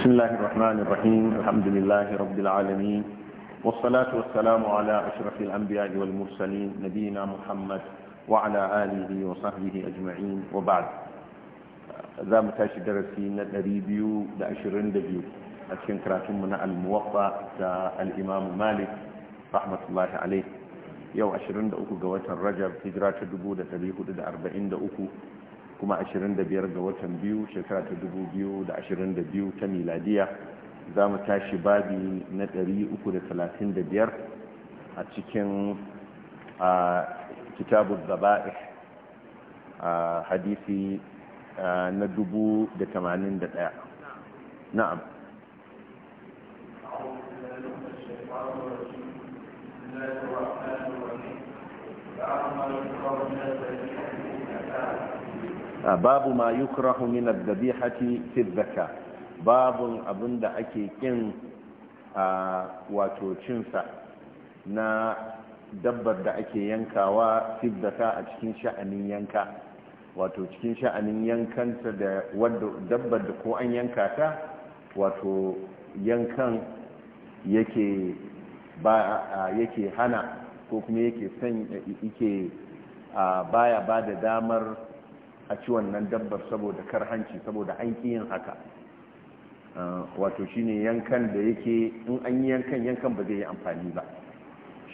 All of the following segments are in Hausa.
بسم الله الرحمن الرحيم الحمد لله رب العالمين والصلاة والسلام على أشرف الأنبياء والمرسلين نبينا محمد وعلى آله وصحبه أجمعين وبعد ذا متاش درسين نريبيو لأشرين دبيو أتشين كراتمنا الموقع الإمام مالك رحمة الله عليه يو أشرين دأكو قوة الرجب هجرات تبيه دتبيه أربعين دأكو kuma 25 ga watan biyu shekara ta 2022 ta miladiya za mu tashi babi na 335 a cikin a kitabu a hadisi na 81 na'am Thank you. babu ma yukrahu min ad-dhabihati fi zakka babun abinda ake kin wato cin sa na dabbar da ake yankawa fi zakka a cikin sha'anin yanka wato cikin sha'anin yankanta da wadda dabbar da ko an yanka ta wato yankan yake ba yake hana ko kuma yake san yake baya ba da damar a ci wannan dabbar saboda karhanci saboda an yin haka ah, wato shine yankan da yake in an yi yankan yankan ba zai yi amfani ba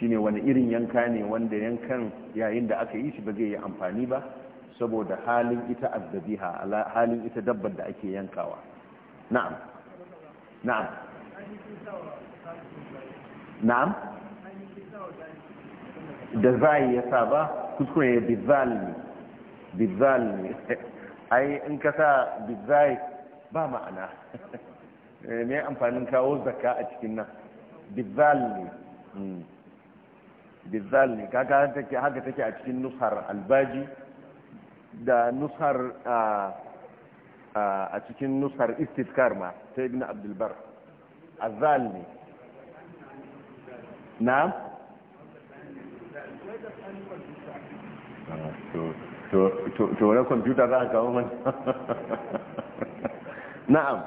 shine wani irin yanka ne wanda yankan yayin da aka yi shi ba zai yi amfani ba saboda halin ita azzabiha halin ita dabbar da ake yankawa na'am na'am na'am da zai ya saba kuskure ya bi zalimi bizal ne ai in ka sa bizal ba ma'ana me amfanin kawo zakka a cikin nan bizal ne bizal ne kaga haka take a cikin nusar albaji da nusar a cikin nusar istiskar ma ta ibn bar azal ne na? kwamfuta na'am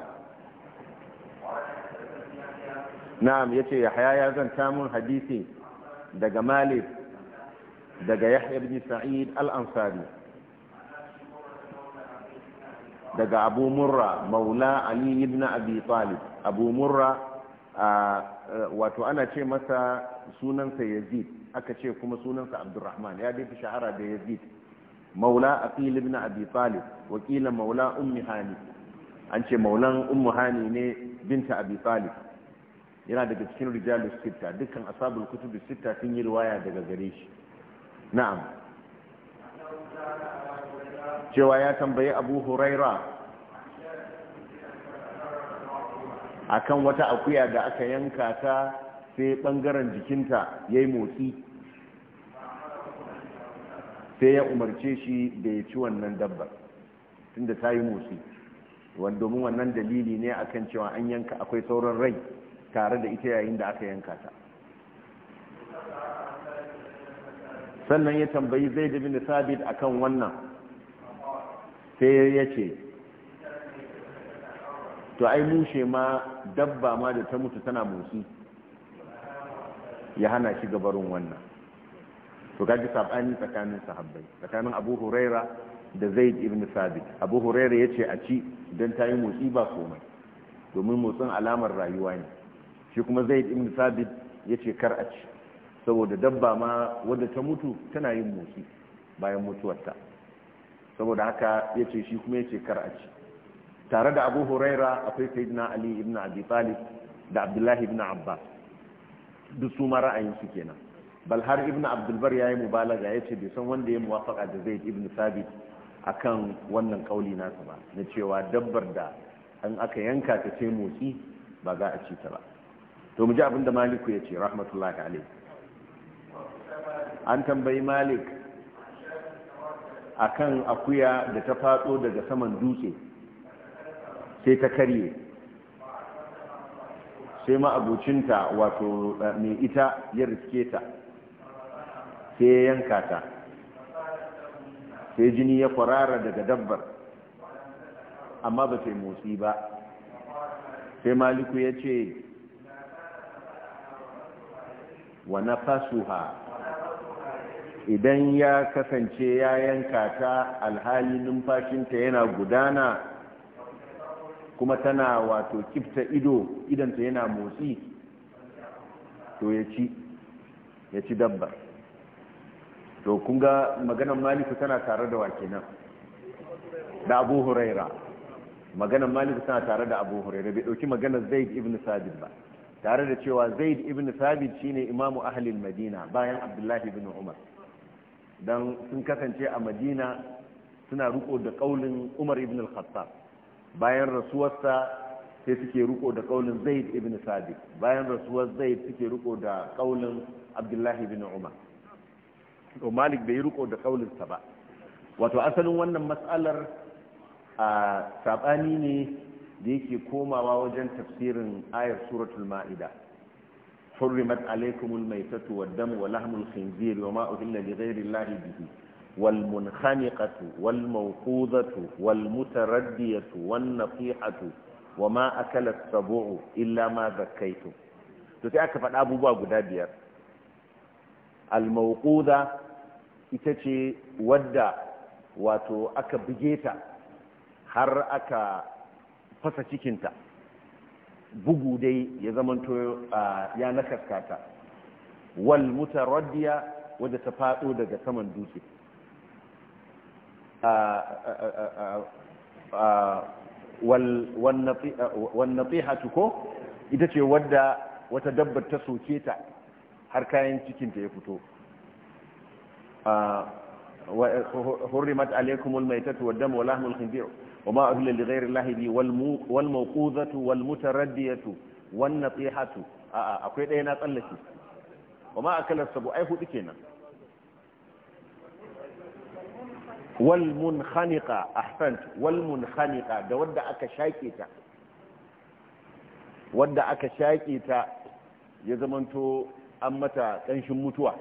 na'am ya ce yahya ya zanta mun hadisi daga malik daga yahya ibn sa'id al-ansari daga abu murra maula ali ibn abi talib abu murra wato ana ce masa sunansa yazid aka ce kuma sunansa abdurrahman ya dai fi shahara da yazid maula a ibn abi talib wa qila maula ummi hani an ce maulan ummu hani ne binta abi talib yana daga cikin rijalus sitta dukkan ashabul kutub sitta sun yi riwaya daga gare shi na'am cewa ya tambayi abu huraira akan wata akuya da aka yanka ta sai ɓangaren jikinta yayi motsi sai ya umarce shi da ya ci wannan dabbar tunda ta yi motsi domin wannan dalili ne akan cewa an yanka akwai sauran rai tare da ita yayin da aka yanka ta sannan ya tambayi zai da bin sabit akan wannan sai ya ce to ai mushe ma dabba ma da ta mutu tana motsi ya hana shi gabarin wannan to kaji sabani tsakanin sahabbai tsakanin abu huraira da zaid ibn sabit abu huraira ya ce a ci don ta yi motsi ba komai domin motsin alamar rayuwa ne shi kuma zaid ibn sabit ya ce kar a ci saboda dabba ma wadda ta mutu tana yin motsi bayan mutuwarta saboda haka ya ce shi kuma ya ce kar a ci tare da abu huraira akwai sayyidina ali ibn abi da abdullahi ibn abbas duk su ma ra'ayin su kenan bal har ibn abdulbar ya yi mubalaga ya ce bai san wanda ya muwafaka da zai ibn sabit akan wannan kauli nasa ba na cewa dabbar da an aka yanka ta ce motsi ba za a ci ta ba to mu ji abin da maliku ya ce rahmatullahi alaihi an tambayi malik akan akuya da ta fatso daga saman dutse sai ta karye sai ma'abucinta wato eh, mai ita ya riske ta sai ya yanka ta sai jini ya kwarara daga dabbar amma ba sai motsi ba sai maliku ya ce wa na fasuha idan ya kasance ya yanka ta alhali numfashinta yana gudana kuma tana wato kifta ido idanta yana motsi to ya ci ya ci dabbar to kun ga maganar maliku tana tare da wake nan da abu huraira maganar maliku tana tare da abu huraira bai dauki maganar zaid ibn sabit ba tare da cewa zaid ibn sabit shine imamu ahlil madina bayan abdullahi ibn umar dan sun kasance a madina suna riko da kaulin umar ibn al-khattab bayan rasuwarsa sai suke riko da kaulin zaid ibn sabit bayan rasuwar zaid suke riko da kaulin abdullahi ibn umar to malik bai riko da kaulinsa ba wato asalin wannan matsalar a sabani ne da yake komawa wajen tafsirin ayar suratul ma'ida حرمت عليكم الميتة والدم ولحم الخنزير وما أهل لغير الله به والمنخنقة والموقوذة والمتردية والنطيحة وما أكل السبوع إلا ما ذكيتم تتأكد أبو باب دابير al-mawquda ita ce wadda wato aka buge ta har aka fasa cikinta bugu dai ya zamanto ya nakaska ta wal mutaraddiya wadda ta fado daga saman dutse tsihatu ko ita ce wadda wata dabbar ta soke ta har kayan cikinta ya fito hurrimat alaikumul maitatu wad damu wa lahmul khinzir wa ma uhilla li ghayri allahi bi wal mawqudatu wal mutaraddiyatu wan natihatu a'a akwai ɗaya na tsallake wa ma akala sabu ai hudu kenan wal munkhaniqa ahsant wal munkhaniqa da wadda aka shaƙe ta wadda aka shaƙe ta ya zamanto an mata ƙanshin mutuwa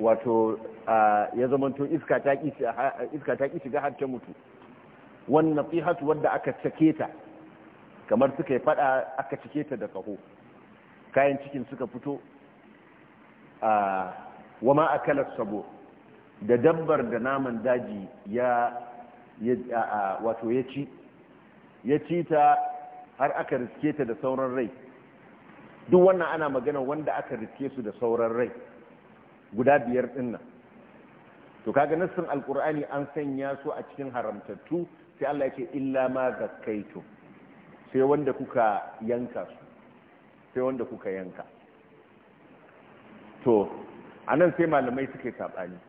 wato ya zamanto iska ta ƙi shiga har mutu wannan tsihatu wadda aka cike ta kamar suka yi fada aka cike ta da kaho kayan cikin suka fito a wama akalar sabo da dabbar da naman daji ya wato ya ci ya ci ta har aka riske ta da sauran rai duk wannan ana magana wanda aka riske su da sauran rai guda biyar dinnan to kaga nassin alqur'ani an sanya su a cikin haramtattu sai Allah yake illa ma zakaitu sai wanda kuka yanka su sai wanda kuka yanka to anan sai malamai suke sabani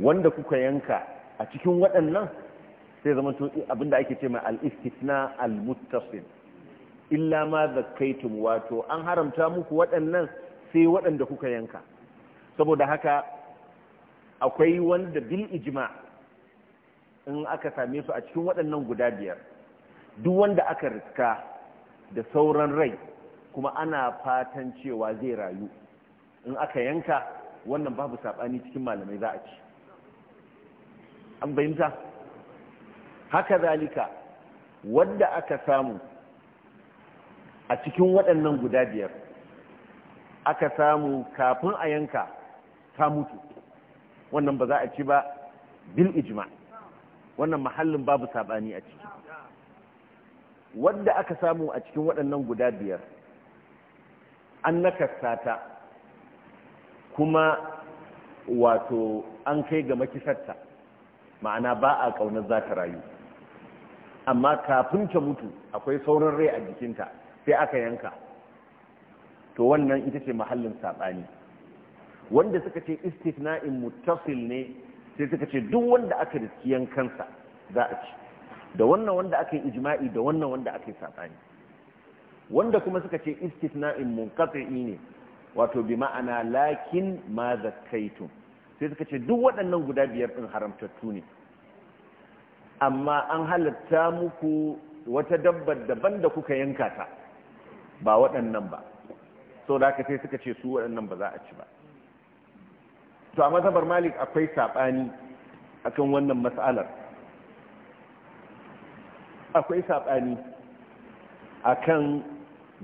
wanda kuka yanka a cikin waɗannan sai zama to abinda ake ce mai al-istithna al-muttasil illa ma zakkaitum wato an haramta muku waɗannan sai waɗanda kuka yanka saboda haka akwai wanda bil ijma in aka same su a cikin waɗannan guda biyar duk wanda aka riska da sauran rai kuma ana fatan cewa zai rayu in aka yanka wannan babu sabani cikin malamai za a ci an bayyanta haka zalika wanda aka samu a cikin waɗannan guda biyar aka samu kafin a yanka ta mutu wannan ba za a ci ba bil ijma wannan mahallin babu saɓani a ciki wadda aka samu a cikin waɗannan guda biyar an nakasta ta kuma wato an kai ga makisarta ma'ana ba a ƙaunar za ta rayu amma kafin ta mutu akwai sauran rai a jikinta sai aka yanka to wannan ita ce mahallin saɓani wanda suka ce istisna'in muttasil ne sai suka ce duk wanda aka riski yankansa za a ci da wannan wanda aka yi ijma'i da wannan wanda aka yi saɓani wanda kuma suka ce istisna'in munqati'i ne wato bi ma'ana lakin ma zakkaitum sai suka ce duk waɗannan guda biyar ɗin haramtattu ne amma an halatta muku wata dabbar daban da kuka yanka ta ba waɗannan ba sau da aka sai suka ce su waɗannan ba za a ci ba to a mazabar malik akwai saɓani akan wannan matsalar akwai saɓani akan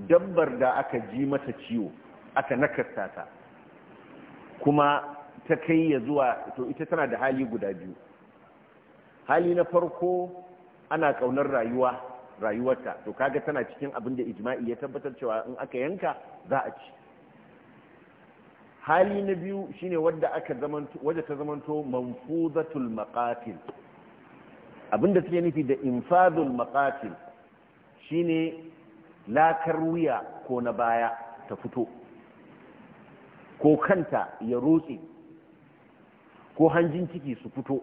dabbar da aka ji mata ciwo aka nakasta ta kuma ta kai ya zuwa to ita tana da hali guda biyu hali na farko ana ƙaunar rayuwa rayuwarta to kaga tana cikin abin da ijma'i ya tabbatar cewa in aka yanka za a ci hali na biyu shine wadda aka zamanto wadda ta zamanto manfuzatul maqatil abinda take nufi da infadul maqatil shine lakar wuya ko na baya ta fito ko kanta ya rotse ko hanjin ciki su fito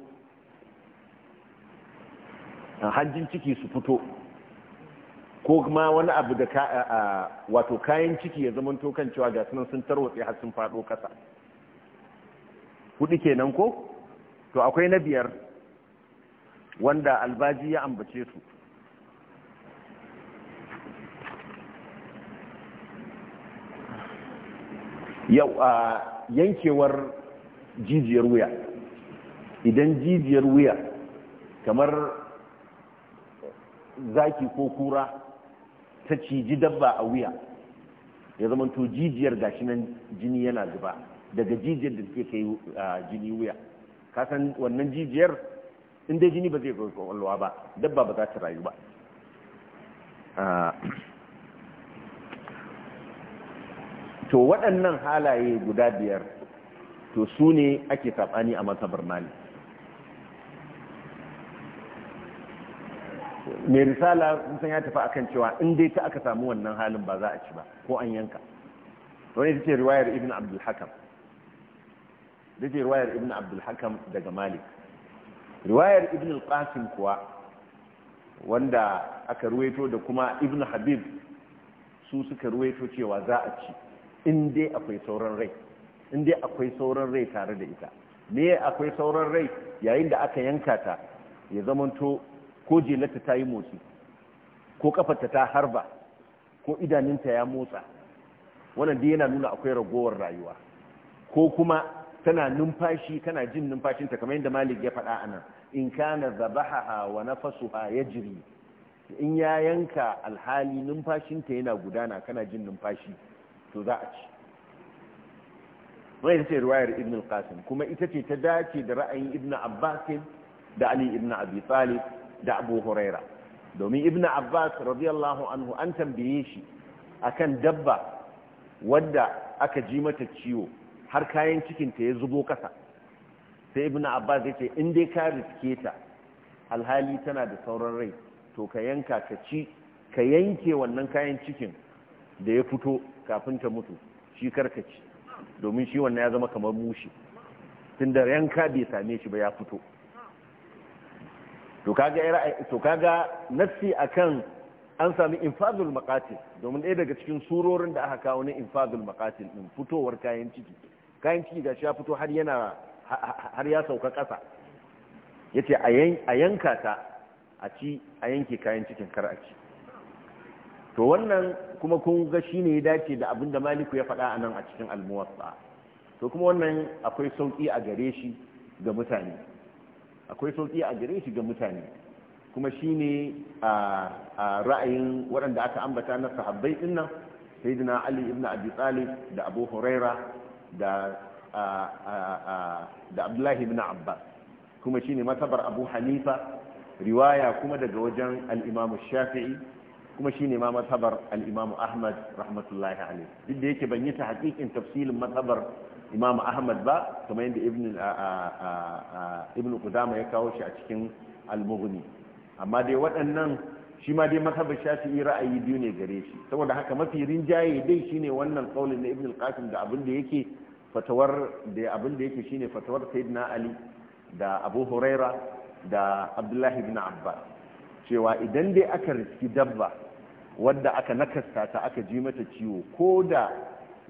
hanjin ciki su fito ko kuma wani abu da ka wato kayan ciki ya zama kan cewa ga sunan sun tarwatse har sun faɗo ƙasa hudu kenan ko to akwai na biyar wanda albaji ya ambace su yau a yankewar jijiyar wuya idan jijiyar wuya kamar zaki ko kura ta ciji dabba a wuya ya zama to jijiyar gashi nan jini yana zuba daga jijiyar da suke kai jini wuya kasan wannan jijiyar in dai jini ba zai kai kwakwalwa ba dabba ba za ta rayu ba to waɗannan halaye guda biyar to su ne ake saɓani a matsabar mali mai risala kusan ya tafi akan cewa in dai ta aka samu wannan halin ba za a ci ba ko an yanka wani ita ce riwayar ibn abdul hakam ita riwayar ibn abdul daga malik riwayar ibn al kuwa wanda aka ruwaito da kuma ibn habib su suka ruwaito cewa za a ci in dai akwai sauran rai in akwai sauran rai tare da ita me akwai sauran rai yayin da aka yanka ta ya zamanto ko jelarta ta yi motsi ko kafarta ta harba ko idaninta ya motsa wannan dai yana nuna akwai ragowar rayuwa ko kuma tana numfashi tana jin numfashinta kamar yadda malik ya faɗa a nan in kana zabaha wa nafasuha yajri in ya yanka alhali numfashinta yana gudana kana jin numfashi to za a ci wani ce riwayar ibn al-qasim kuma ita ce ta dace da ra'ayin ibn abbasin da ali ibn abi talib da abu huraira domin ibn abbas radiyallahu anhu an tambaye shi akan dabba wadda aka ji mata ciwo har kayan cikinta ya zubo kasa sai ibn abbas ya ce in dai ka riske ta alhali tana da sauran rai to ka yanka ka ci ka yanke wannan kayan cikin da ya fito kafin ta mutu shi karkaci domin shi wannan ya zama kamar mushi tun da yanka bai same shi ba ya fito to kaga to kaga nassi akan an sami infazul maqatil domin ɗaya daga cikin surorin da aka kawo na infazul maqatil din fitowar kayan ciki kayan ciki gashi ya fito har yana har ya sauka ƙasa yace a yanka ta a ci a yanke kayan cikin kar a ci to wannan kuma kun ga shine ya dace da abinda maliku ya faɗa anan a cikin almuwatsa to kuma wannan akwai sauƙi a gare shi ga mutane akwai sauki a gare shi ga mutane kuma shine a ra'ayin waɗanda aka ambata na sahabbai din nan dina ali ibn abi da abu huraira da abdullahi ibn abbas kuma ne matabar abu hanifa riwaya kuma daga wajen al shafi'i kuma shine ma matabar al ahmad rahmatullahi alaihi duk da yake ban yi ta hakikin tafsilin matabar imam ahmad ba kamar yadda ibn kudama ya kawo shi a cikin almughni amma dai waɗannan shi ma dai mazhabin shafi'i ra'ayi biyu ne gare shi saboda haka mafi rinjaye dai shine wannan kaulin na ibn al-qasim da abin da yake fatawar da abin da yake shine fatawar sayyidina ali da abu huraira da abdullahi ibn abbas cewa idan dai aka riski dabba wadda aka nakasta ta aka ji mata ciwo ko da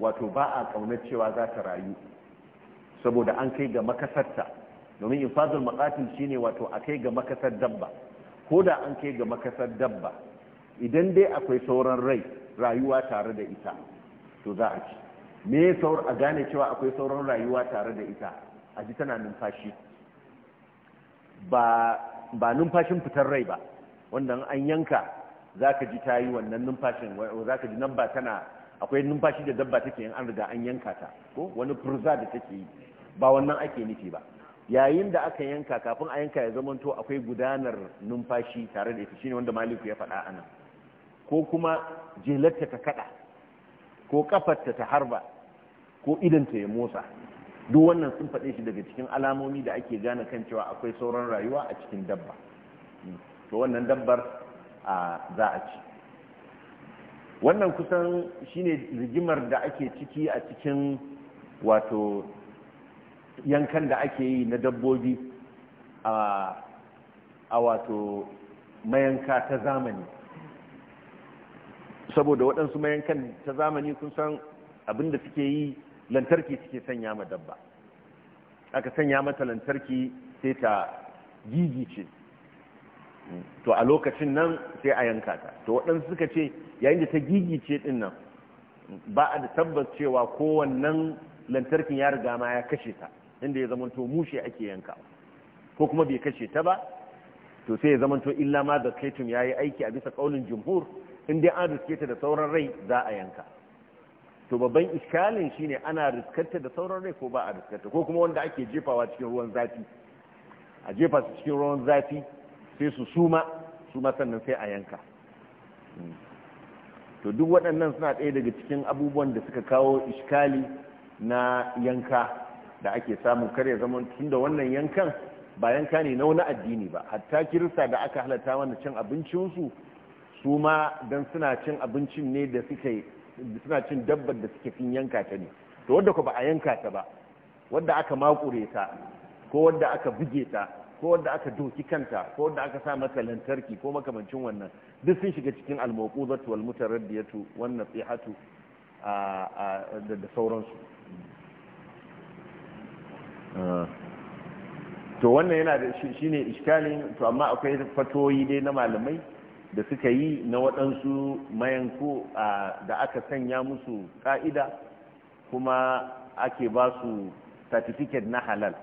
wato ba a kauna cewa za ta rayu saboda an kai ga makasarta domin infazul shi shine wato a kai ga makasar dabba ko da an kai ga makasar dabba idan dai akwai sauran rai rayuwa tare da ita to za a ci me saur a gane cewa akwai sauran rayuwa tare da ita a ji tana numfashi ba ba numfashin fitar rai ba wanda an yanka za ka ji ta yi wannan numfashin za ka ji nan ba tana akwai numfashi da dabba take in an riga an yanka ta ko wani furza da take yi ba wannan ake nufi ba yayin da aka yanka kafin a yanka ya zamanto akwai gudanar numfashi tare da ita shine wanda maliku ya faɗa anan ko kuma jelarta ta kaɗa ko kafarta ta harba ko idanta ya motsa duk wannan sun faɗe shi daga cikin alamomi da ake gane kan cewa akwai sauran rayuwa a cikin dabba hmm. to wannan dabbar za a ci wannan kusan shine rigimar da ake ciki a cikin wato yankan da ake yi na dabbobi a wato mayanka ta zamani saboda waɗansu mayankan ta zamani kun san abinda suke yi lantarki suke sanya ma dabba aka sanya mata lantarki sai ta gigice to a lokacin nan sai a yanka ta to waɗansu suka ce yayin da ta gigice ɗin nan ba a da tabbas cewa kowannan lantarkin ya riga ma ya kashe ta inda ya to mushe ake yanka ko kuma bai kashe ta ba to sai ya zamanto illa ma da kaitum ya yi aiki a bisa ƙaunin jumhur in dai an riske ta da sauran rai za a yanka to babban iskalin shine ana riskarta da sauran rai ko ba a riskarta ko kuma wanda ake jefawa cikin ruwan zafi a jefa su cikin ruwan zafi sai su suma suma sannan sai a yanka to duk waɗannan suna ɗaya daga cikin abubuwan da suka kawo iskali na yanka da ake samun karya zaman tun da wannan yankan ba yanka ne na wani addini ba hatta kirista da aka halatta wanda cin abincinsu su ma don suna cin abincin ne da suke suna cin dabbar da suke fin yanka ta ne to wadda ku ba a yanka ta ba wadda aka makure ta ko wadda aka buge ta ko wanda aka doki kanta ko wanda aka sa maka lantarki ko makamancin wannan duk sun shiga cikin almaqudatu wal mutaraddiyatu wan nasihatu da sauransu to wannan yana da shine ne iskalin to amma akwai fatoyi dai na malamai da suka yi na waɗansu mayanku da aka sanya musu ƙa'ida kuma ake ba su certificate na halal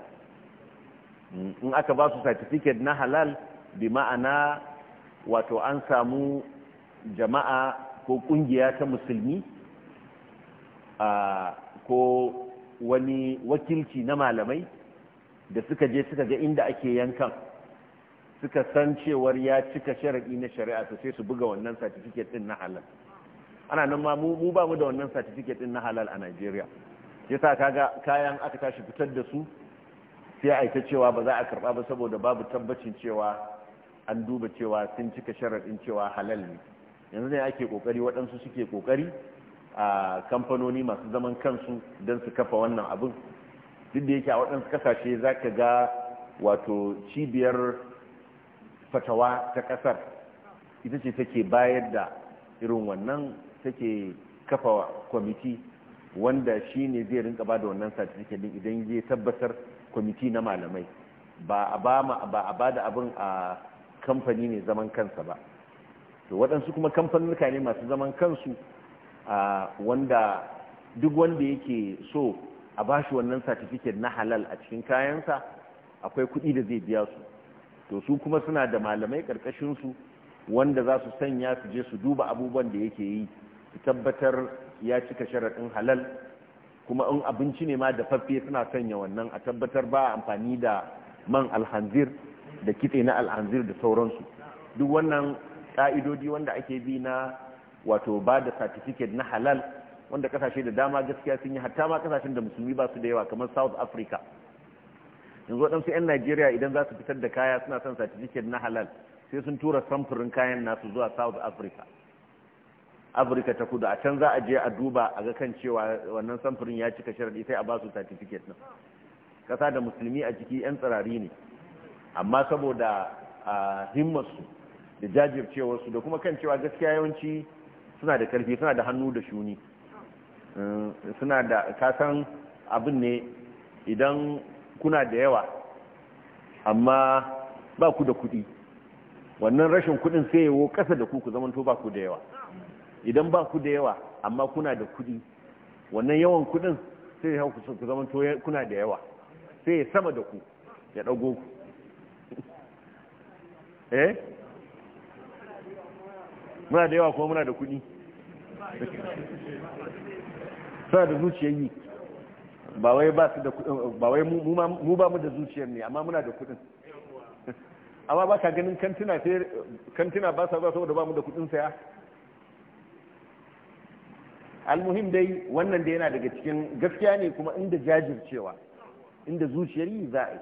in aka ba su certificate na halal bi ma'ana wato an samu jama'a ko kungiya ta musulmi ko wani wakilci na malamai da suka je suka ga inda ake yankan suka san cewar ya cika sharaɗi na shari'a su sai su buga wannan certificate din na halal ana nan ma mu ba mu da wannan certificate din na halal a Najeriya sa kaga kayan aka tashi fitar da su sai a cewa ba za a karba ba saboda babu tabbacin cewa an duba cewa sun cika sharaɗin cewa halal ne yanzu ne ake kokari waɗansu suke kokari a kamfanoni masu zaman kansu don su kafa wannan abin duk da yake a waɗansu kasashe za ka ga wato cibiyar fatawa ta ƙasar ita ce take bayar da irin wannan take kafa kwamiti wanda shi ne zai rinka ba da wannan satifiket idan ya tabbatar kwamiti na malamai ba a ba da abin a kamfani ne zaman kansa ba to waɗansu kuma kamfanuka ne masu zaman kansu wanda duk wanda yake so a ba shi wannan satifiket na halal a cikin kayansa akwai kuɗi da zai biya su to su kuma suna da malamai ƙarƙashinsu wanda za su sanya su je su duba abubuwan da yake yi su tabbatar ya cika sharaɗin halal kuma in abinci ne ma da faffe suna sanya wannan a tabbatar ba amfani da man alhanzir da kitse na alhanzir da sauransu duk wannan ƙa'idodi wanda ake bi na wato ba da certificate na halal wanda kasashe da dama gaskiya sun yi hatta ma kasashen da musulmi ba su da yawa kamar south africa yanzu waɗansu 'yan najeriya idan za su fitar da kaya suna son satifiket na halal sai sun tura samfurin kayan nasu zuwa south africa afirka ta kudu a can za a je a duba a ga kan cewa wannan samfurin ya cika sharaɗi sai a ba su certificate ɗin ƙasa da musulmi a ciki 'yan tsirari ne amma saboda a himmarsu da jajircewarsu da kuma kan cewa gaskiya yawanci suna da ƙarfi suna da hannu da shuni eh, suna da kasan abin ne idan kuna da yawa amma ba ku da kuɗi wannan rashin kuɗin sai yawo ƙasa da ku ku zamanto ba ku da yawa idan ba ku da yawa amma kuna da kuɗi wannan yawan kuɗin sai ya hau ku zama to kuna da yawa sai ya sama da ku ya ɗago ku eh muna da yawa kuma muna da kuɗi suna da zuciyar yi ba wai ba su da ba wai mu ba mu da zuciyar ne amma muna da kuɗin amma ba ka ganin kantina ba sa zuwa saboda ba mu da kuɗin saya almuhim dai wannan da yana daga cikin gaskiya ne kuma inda jajircewa inda zuciyar yi za a yi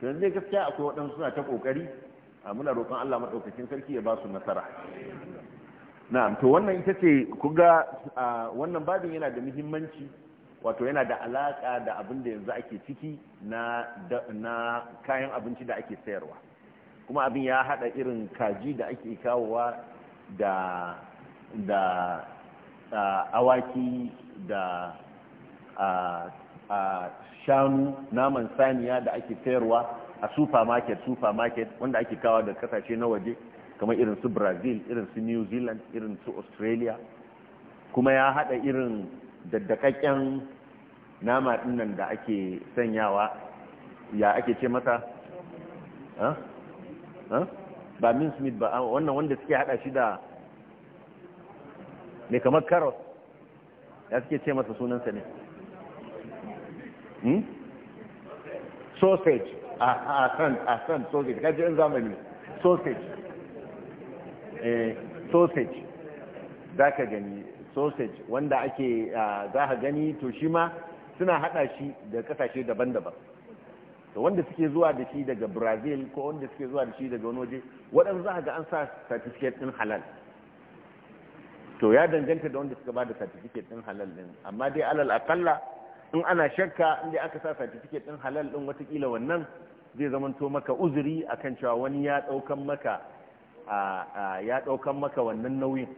to yanzu dai gaskiya akwai waɗansu suna ta ƙoƙari a muna roƙon Allah maɗaukakin sarki ya ba su nasara na'am to wannan ita ce kuga wannan babin yana da muhimmanci wato yana da alaƙa da abin da yanzu ake ciki na na kayan abinci da ake sayarwa kuma abin ya haɗa irin kaji da ake kawowa da da awaki da shanu naman saniya da ake sayarwa a supermarket supermarket wanda ake kawo da kasashe na waje kamar irin su brazil irin su new zealand irin su australia kuma ya hada irin daddakakken nama dinnan da ake sanyawa ya ake ce mata ba min smith ba wannan wanda suke hada shi da mai kamar carrot ya suke ce masa sunansa ne hmm? sausage a san a san sausage kaji in zamani sausage eh, sausage za ka gani sausage wanda ake za ka gani to shi ma suna hada shi da kasashe daban-daban to wanda suke zuwa da shi daga brazil ko wanda suke zuwa da shi daga wani waje waɗanda za ga an sa certificate ɗin halal to ya danganta da wanda suka ba da certificate din halal din amma dai alal akalla in ana shakka in dai aka sa certificate din halal din watakila wannan zai zamanto maka uzuri akan cewa wani ya daukan maka ya daukan maka wannan nauyin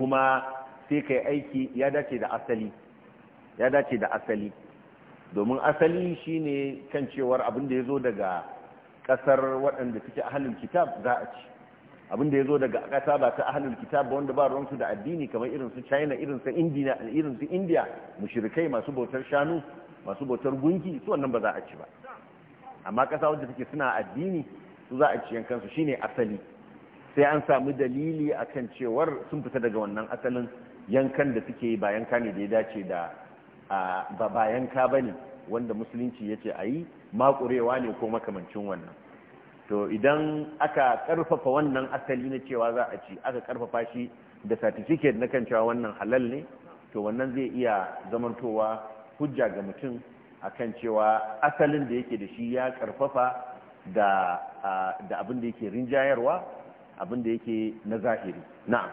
kuma sai kai aiki ya dace da asali ya dace da asali domin asali shine kan cewar abin da ya zo daga kasar waɗanda suke ahalin kitab za a ci abin da ya zo daga ƙasa ba ta ahalul kitab wanda ba ruwansu da addini kamar irin su china irin su india irin su mushrikai masu bautar shanu masu bautar gunki su wannan ba za a ci ba amma ƙasa wanda take suna addini su za a ci yankansu shine asali sai an samu dalili akan cewar sun fita daga wannan asalin yankan da suke ba yanka ne da ya dace da ba yanka bane wanda musulunci ya a ayi makurewa ne ko makamancin wannan to idan aka karfafa wannan asali na cewa za a ci aka karfafa shi da certificate na kan cewa wannan halal ne to wannan zai iya zamantowa hujja ga mutum akan cewa asalin da yake da shi ya karfafa da da abin da yake rinjayarwa abin da yake na zahiri na'am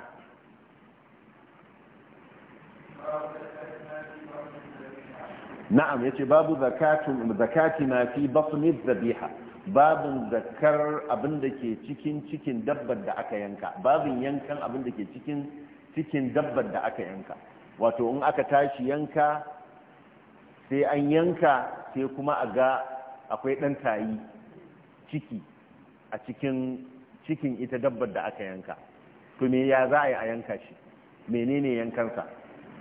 na'am yace babu zakatun zakati ma fi batni zabiha babin zakar abin da ke cikin cikin dabbar da aka yanka babin yankan abin da ke cikin cikin dabbar da aka yanka wato in aka tashi yanka sai an yanka sai kuma a ga akwai ɗan tayi ciki a cikin cikin ita dabbar da aka yanka to me ya za a yi a yanka shi menene yankansa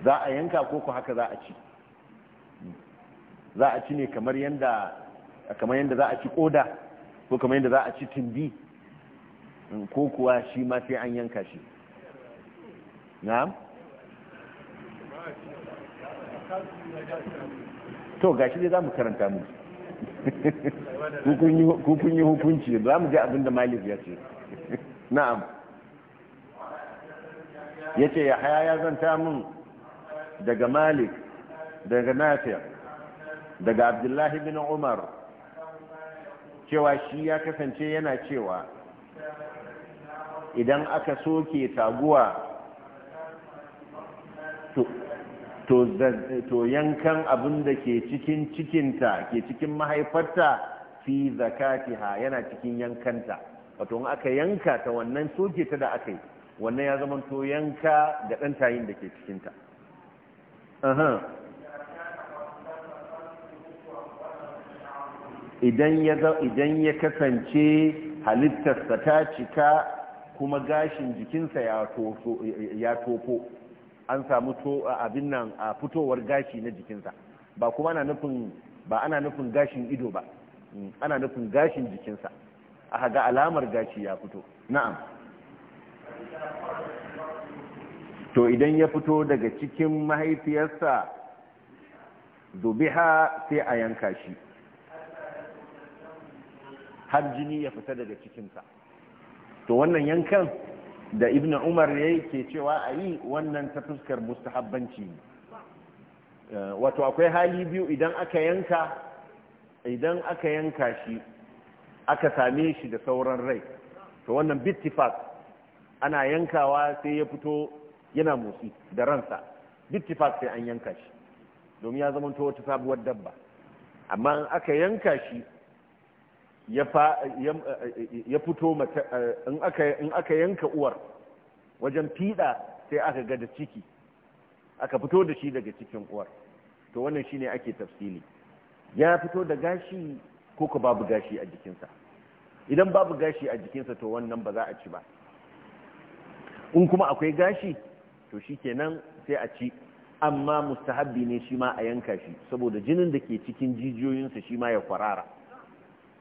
za a yanka ko ku haka za a ci za a ci ne kamar yadda kamar yadda za a ci koda ko kamar yadda za a ci tumbi ko kuwa shi ma sai an yanka shi na'am to gashi dai za mu karanta mu kun yi hukunci za mu ji abinda malik ya ce na'am ya ce ya haya ya zanta mun daga malik daga nafiya daga abdullahi bin umar cewa shi ya kasance yana cewa idan aka soke taguwa to yankan abin da ke cikin cikinta ke cikin mahaifarta fi zakatiha yana cikin yankanta wato aka yanka ta wannan soke ta da aka yi wannan ya zama to yanka da ɗan tayin da ke cikinta idan ya kasance halittarsa ta cika kuma gashin jikinsa ya tofo an samu abin nan a fitowar gashi na jikinsa ba kuma ana nufin ba ana nufin gashin ido ba mm, ana nufin gashin jikinsa a haga alamar gashi ya fito na'am to idan ya fito daga cikin mahaifiyarsa dubiha sai a yanka shi har jini ya fita daga cikinsa to wannan yankan da ibn umar ya ke cewa a wannan ta fuskar mustahabbanci ne eh, wato akwai hali biyu idan aka yanka idan aka yanka shi aka same shi da sauran rai to wannan bittifak ana yankawa sai ya fito yana motsi da ransa bittifak sai an yanka shi domin ya zama wata sabuwar dabba amma aka yanka shi ya fito in aka yanka uwar wajen fiɗa sai aka ga da ciki aka fito da shi daga cikin uwar to wannan shine ake tafsili ya fito da gashi ko ka babu gashi a jikinsa idan babu gashi a jikinsa to wannan ba za a ci ba in kuma akwai gashi to shi kenan sai a ci amma mustahabbi ne shi ma a yanka shi saboda jinin da ke cikin jijiyoyinsa shi ma ya kwarara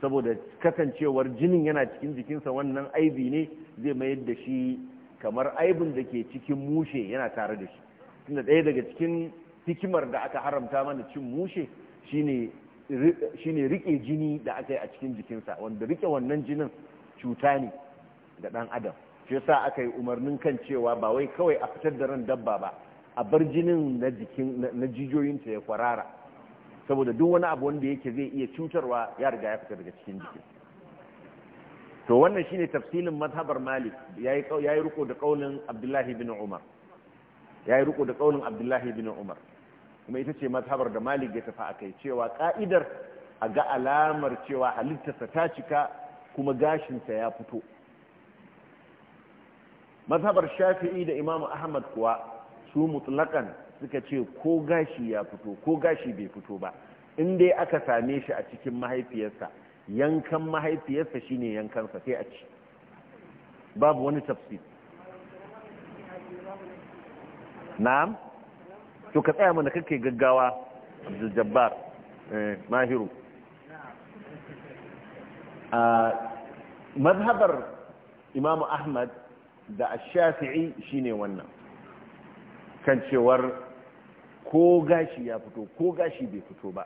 saboda kasancewar jinin yana cikin jikinsa wannan aibi ne zai mayar da shi kamar aibin da ke cikin mushe yana tare da shi tunda ɗaya daga cikin hikimar da aka haramta mana cin mushe shine rike jini da aka yi a cikin jikinsa wanda rike wannan jinin cuta ne ga ɗan adam shi yasa aka yi umarnin kan cewa ba wai kawai a fitar da ran dabba ba a bar jinin na na jijiyoyinta ya kwarara saboda duk wani abu wanda yake zai iya cutarwa ya riga ya fita daga cikin jikin to wannan shine tafsilin mazhabar malik yayi yayi ruko da kaulin abdullahi ibn umar yayi ruko da kaulin abdullahi ibn umar kuma ita ce mazhabar da malik ya tafi akai cewa ka'idar a ga alamar cewa halittarsa ta cika kuma gashinsa ya fito mazhabar shafi'i da imamu ahmad kuwa su mutlakan suka ce ko gashi ya fito ko gashi bai fito ba in dai aka same shi a cikin mahaifiyarsa yankan mahaifiyarsa shine yankansa sai a ci babu wani tafsir na'am to ka tsaya mana kake gaggawa jabbar eh, mahiru mazhabar imamu ahmad da ash-shafi'i shine wannan kan cewar ko gashi ya fito ko gashi bai fito ba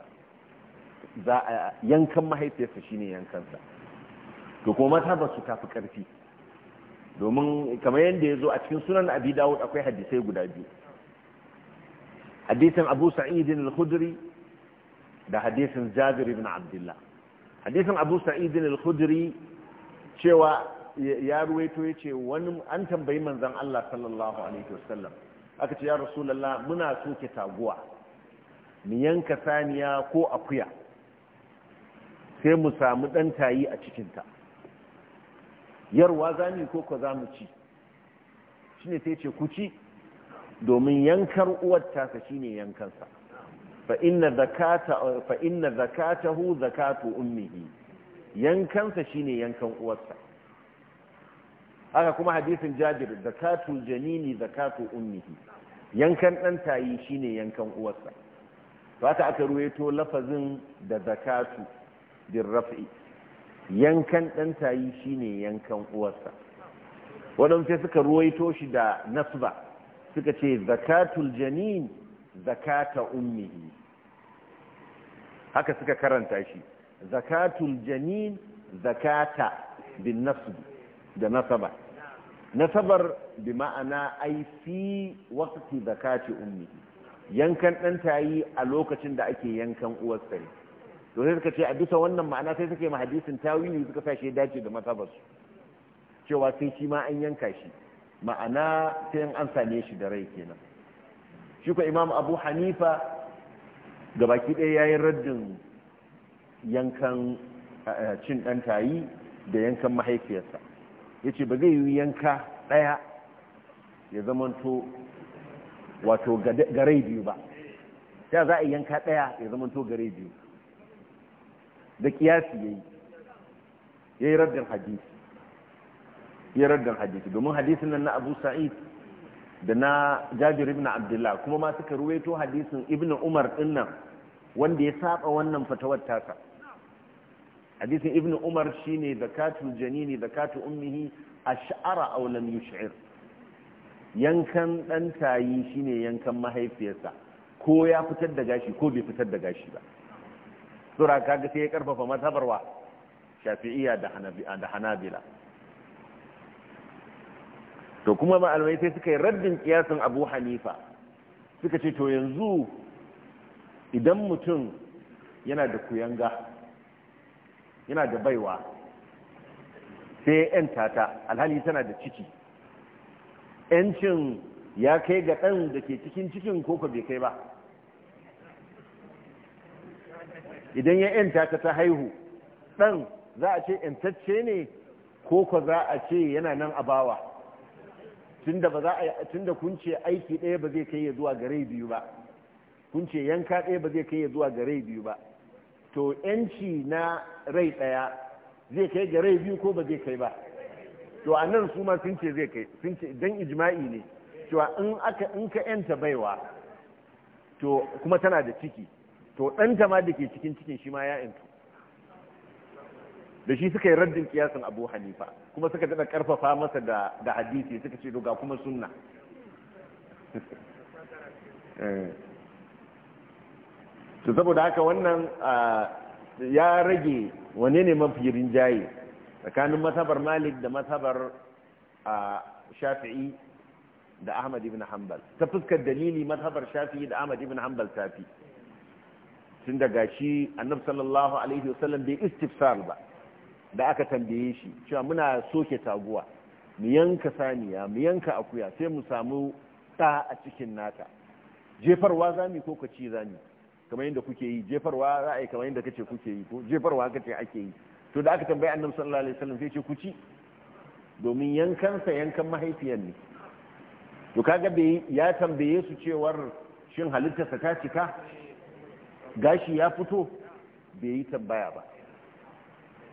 za a yankan mahaifiyarsa shine yankansa to kuma mata ba su tafi karfi domin kamar yadda ya zo a cikin sunan abi dawud akwai hadisai guda biyu hadisin abu sa'idin al-khudri da hadisin jabir ibn abdullah hadisin abu sa'idin al-khudri cewa ya ruwaito ya ce wani an tambayi manzon Allah sallallahu alaihi wasallam aka ce ya rasulallah muna soke taguwa mu yanka saniya ko akuya sai mu samu ɗan tayi a cikinta yarwa za mu ko ko za mu ci shi ne sai ce ku ci domin yankar uwar ta shi ne yankansa fa'inna zakatahu zakatu ummihi yankansa shi ne yankan uwarsa haka kuma hadisin jabir zakatu janini zakatu ummihi yankan dan tayi shine yankan uwarsa to haka aka ruwaito lafazin da zakatu bin raf'i yankan dan tayi shine yankan uwarsa sai suka ruwaito shi da nasba suka ce zakatul janin zakata ummihi haka suka karanta shi zakatul janin zakata bin nasbi da nasaba nasabar bi ma'ana ai fi waqti zakati ummi yankan ɗan tayi a lokacin da ake yankan uwar sai to sai suka ce a bisa wannan ma'ana sai suka yi ma hadisin tawili suka sa shi dace da masabar su cewa sai shi ma an yanka shi ma'ana sai an same shi da rai kenan shi ko imam abu hanifa ga baki ɗaya yi raddin yankan eh, cin ɗan tayi da yankan mahaifiyarsa ya ce ba zai yi yanka ɗaya ya zamanto wato gare biyu ba ta za a yi yanka ɗaya ya zamanto gare biyu da kiyasi ya yi ya yi raddar hadisi ya yi raddar hadisi domin hadisin nan na abu sa'id da na jabir ibn abdullah kuma ma suka ruwaito hadisin ibn umar ɗin nan wanda ya saba wannan fatawar tasa hadisin ibn umar shine zakatul janini zakatu ummihi ash'ara aw lam yush'ir yankan dan tayi shine yankan mahaifiyarsa ko ya fitar da gashi ko bai fitar da gashi ba sura kaga sai ya karfafa mazhabarwa shafi'iyya da hanabila da hanabila to kuma malamai sai suka yi raddin kiyasin abu hanifa suka ce to yanzu idan mutum yana da kuyanga yana da baiwa sai yan tata alhali tana da ciki yancin ya kai ga ɗan da ke cikin cikin koko bai kai ba idan ya yan tata ta haihu ɗan za a ce yantacce ne koko za a ce yana nan a bawa tun da kun ce aiki ɗaya ba zai kai ya zuwa gare biyu ba kun ce yanka ɗaya ba zai kai ya zuwa gare biyu ba to yanci na rai ɗaya zai kai ga rai biyu ko ba zai kai ba to a nan su ma sun ce zai kai sun ce dan ijma'i ne cewa in aka in ka yanta baiwa to kuma tana da ciki to ɗanta ma da ke cikin cikin shi ma ya da shi suka yi raddin kiyasin abu hanifa kuma suka daɗa karfafa masa da hadisi suka ce kuma sunna eh. to saboda haka wannan ya rage wane ne mafi rinjaye tsakanin masabar malik da masabar shafi'i da ahmad ibn hanbal ta fuskar dalili masabar shafi'i da ahmad ibn hanbal tafi tun daga shi annab sallallahu alaihi wasallam bai istifsar ba da aka tambaye shi cewa muna soke taguwa mu yanka saniya mu yanka akuya sai mu samu ta a cikin nata jefarwa zami ko kaci zami kamar yadda kuke yi jefarwa za a yi kamar yadda kace kuke yi ko jefarwa kace ake yi to da aka tambaye annabi sallallahu alaihi wasallam sai ce ku ci domin yankan sa yankan mahaifiyar ne to kaga bai ya tambaye su cewar shin halitta ta cika gashi ya fito bai yi tambaya ba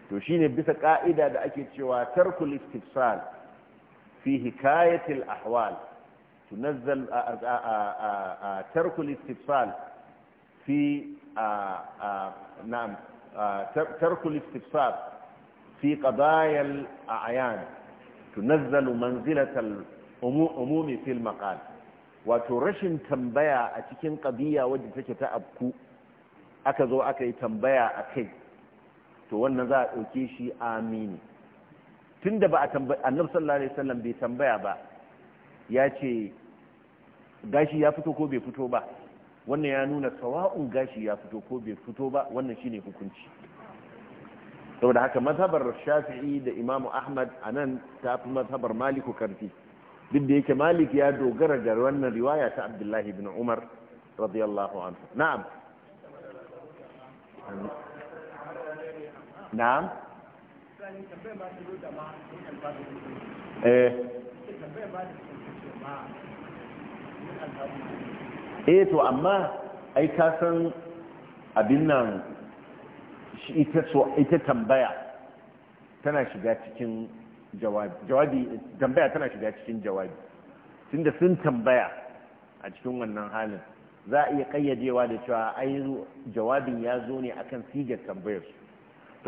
to shine bisa ka'ida da ake cewa tarkul istifsal fi hikayatil ahwal tunazzal tarkul istifsal في نعم ترك الاستفسار في قضايا الاعيان تنزل منزله العموم في المقال wato rashin tambaya a cikin kabiya wadda take ta abku aka zo aka yi tambaya a kai to wannan za a ɗauke shi amini tun da ba a tambaya a nan sallallahu alaihi wasallam bai tambaya ba ya ce gashi ya fito ko bai fito ba wannan ya nuna sawa'un gashi ya fito ko bai fito ba wannan shine hukunci saboda haka mazhabar shafi'i da imamu ahmad a nan ta fi mazhabar maliku karfi duk da yake malik ya dogara da wannan riwaya ta abdullahi bin umar radiyallahu anhu na'am na'am eh eh to amma ai ka san abin nan ita so ita tambaya tana shiga cikin jawabi jawabi tambaya tana shiga cikin jawabi tunda sun tambaya a cikin wannan halin za a iya kayyadewa da cewa ai jawabin ya zo ne akan sigar tambayar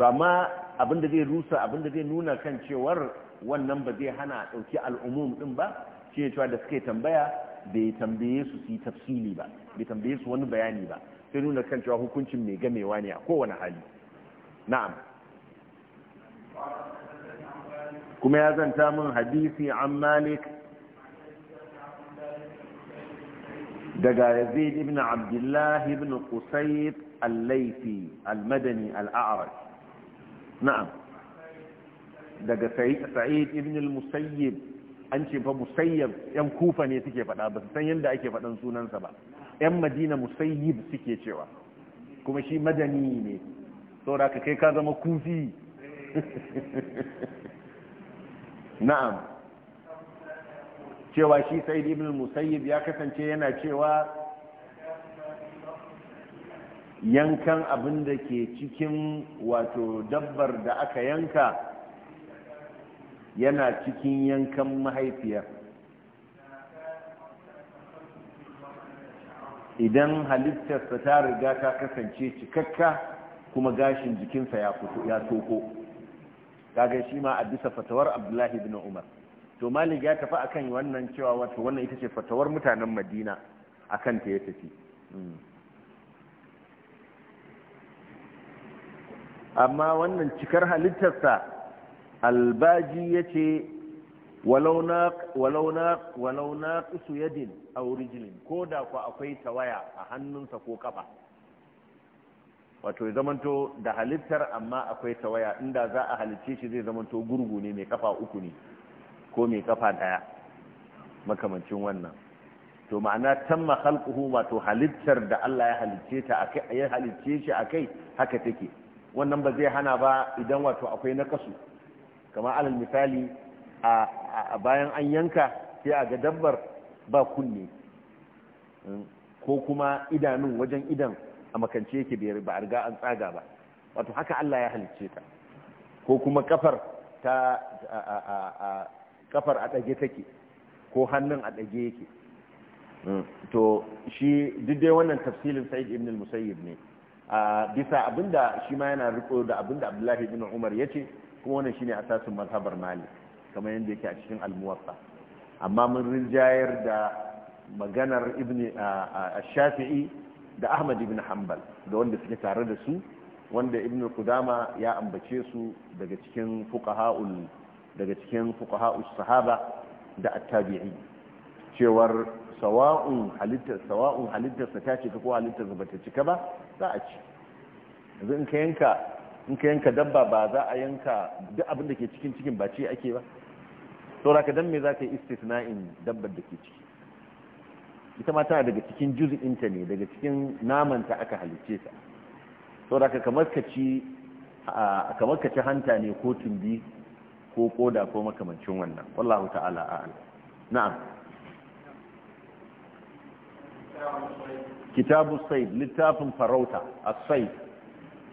to amma abin da zai rusa abin da zai nuna kan cewar wannan ba zai hana dauki al'umum din ba shi ne cewa da suke tambaya bai tambaye su su yi tafsili ba bai tambaye su wani bayani ba sai nuna kan cewa hukuncin mai gamewa ne a kowane hali na'am kuma ya zanta min hadisi an malik daga yazid ibn abdullah ibn qusayb al-laythi al-madani al-a'raj na'am daga sa'id ibn al-musayyib an ce fa musayyab yan kufa ne suke faɗa ba su san yadda ake faɗan sunansa ba yan madina musayyib suke cewa kuma shi madani ne saboda ka kai ka zama kufi na'am cewa shi sa'id ibn musayyib ya kasance yana cewa yankan abin da ke cikin wato dabbar da aka yanka yana cikin yankan mahaifiyar. idan halittarsa ta riga ta kasance cikakka kuma gashin jikinsa ya fito ya toko kaga shi ma a bisa fatawar abdullahi bin umar to malik ya tafi akan wannan cewa wato wannan ita ce fatawar mutanen madina akan ta ya tafi hmm. amma wannan cikar halittarsa albaji ya ce walau na ƙisu yadin a rijilin ko da ku akwai tawaya a hannunsa ko kafa wato ya zamanto da halittar amma akwai tawaya inda za a halicce shi zai zamanto gurgu ne mai kafa uku ne ko mai kafa daya makamancin wannan to ma'ana tamma khalquhu wato halittar da Allah ya halicce ta akai ya halicce shi akai haka take wannan ba zai hana ba idan wato akwai nakasu kamar alal misali a bayan an yanka sai a ga dabbar ba kunne hmm, ko kuma idanun wajen idan a makance yake ba a riga an tsaga ba wato haka Allah ya halicce ta ko kuma kafar ta kafar a ɗage take ko hannun a ɗage yake hmm, to shi duk dai wannan tafsilin sa'id ibn al-musayyib ne bisa abinda shi ma yana riko da abinda abdullahi ibn umar yace kuma wannan shine asasin mazhabar malik kamar yadda yake a cikin Al-Muwatta amma mun rinjayar da maganar ibn shafi'i da ahmad ibn hanbal da wanda suke tare da su wanda ibn kudama ya ambace su daga cikin fuqaha'ul daga cikin fuqaha'us sahaba da at-tabi'i cewar sawa'un halittar sawa'un halittar ta cika ko halittar ba cika ba za a ci yanzu in ka yanka in ka yanka dabba ba za a yanka duk abin da ke cikin cikin ba ce ake ba saura ka dan me za ka yi istisna'in dabbar da ke ciki ita ma tana daga cikin juz'inta ne daga cikin namanta aka halice ta saura ka kamar ka ci hanta ne ko tumbi ko koda ko makamancin wannan wallahu ta'ala a'lam na'am kitabu sai littafin farauta a sai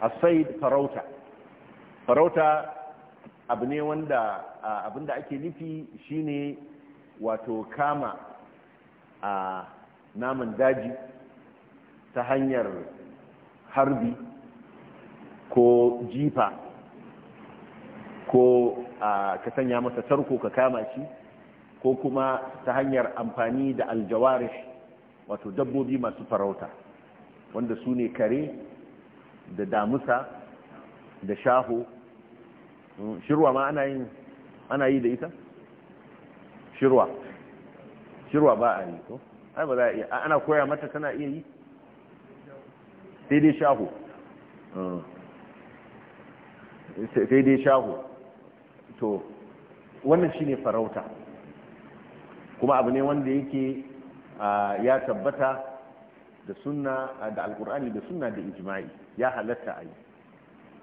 asaid farauta farauta abu ne wanda abinda ake nufi shine wato kama a naman daji ta hanyar harbi ko jifa ko ka sanya masa tarko ka kama shi ko kuma ta hanyar amfani da aljawarish wato dabbobi masu farauta wanda su ne kare da damusa da shaho mm, shirwa ma ana yin ana yi da ita shirwa shirwa ba a yi ko ai ba za a iya ana koya mata tana iya yi sai dai shaho mm. sai dai shaho to wannan shine farauta kuma abu ne wanda yake ah, ya tabbata da sunna da alkur'ani da sunna da ijma'i ya halatta a yi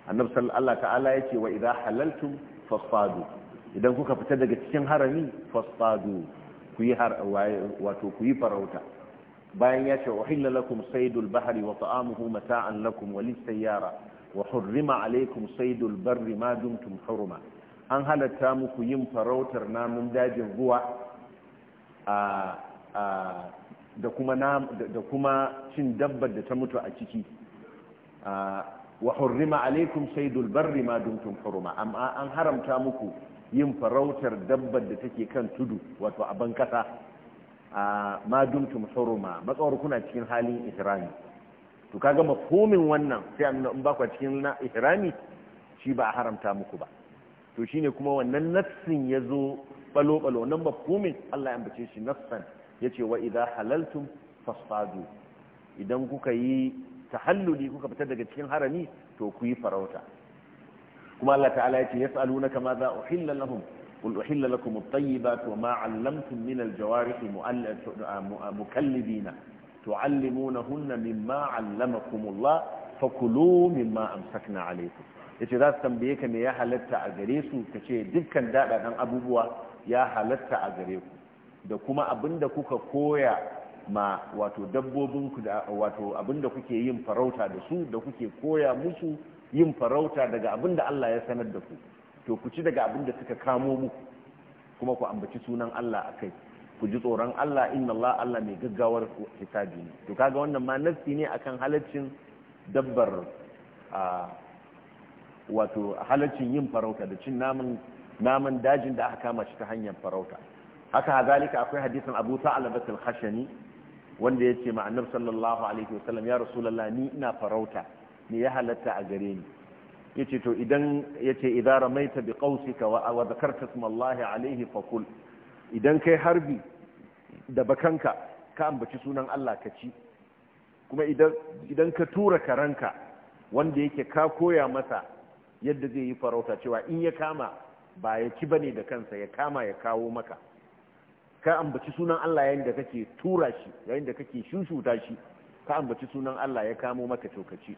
annabi sallallahu ta'ala ya ce wa idza halaltum fasadu idan kuka fita daga cikin harami fasadu ku yi har wato ku yi farauta bayan ya ce uhilla lakum saydul bahri wa ta'amuhu mata'an lakum wa lis wa hurrima alaykum saydul barri ma dumtum hurma an halatta muku yin farautar namun dajin ruwa a da kuma cin dabbar da ta mutu a ciki wa hurrima alaikum saydul barri ma dumtum hurma amma an haramta muku yin farautar dabbar da take kan tudu wato a bankasa ma dumtum hurma matsawar kuna cikin halin ihrami to kaga mafhumin wannan sai an in ba ku cikin na ihrami shi ba a haramta muku ba to shine kuma wannan nafsin yazo balo balo nan mafhumin Allah ya ambace shi nafsan yace wa idza halaltum fasadu idan kuka yi tahalluli kuka fita daga cikin harami to ku yi farauta kuma Allah ta'ala yace yas'alunaka ma za uhilla lahum qul uhilla قل أحل لكم الطيبات وما علمتم من الجوارح مكلبين تعلمونهن مما علمكم الله fakulu mimma amsakna 'alaykum yace za su tambaye ka me ya halatta a gare su kace dukkan dadadan abubuwa ya halatta a gare ku da kuma abinda kuka koya ma wato dabbobinku da wato abinda kuke yin farauta da su da kuke koya musu yin farauta daga abinda Allah ya sanar da ku to ku ci daga abinda suka kamo muku kuma ku ambaci sunan Allah akai ku ji tsoron Allah inna Allah Allah mai gaggawar hisabi ne to kaga wannan ma nafsi ne akan halaccin dabbar a wato halaccin yin farauta da cin naman naman dajin da aka kama shi ta hanyar farauta haka hazalika akwai hadisin abu sa'alabat al-khashani wanda ya ce ma'anar sallallahu alaihi wasallam ya rasulallah ni ina farauta ne ya halatta a gare ni ya ce to idan ya ce idan ramaita bi qausika wa zakarta smallahi alaihi fakul idan kai harbi da bakanka ka ambaci sunan Allah ka ci kuma idan ka tura karanka wanda yake ka koya masa yadda zai yi farauta cewa in ya kama ba ya ci bane da kansa ya kama ya kawo maka ka ambaci sunan Allah yayin da kake tura shi yayin da kake shushuta shi ka ambaci sunan Allah ya kamo maka tokaci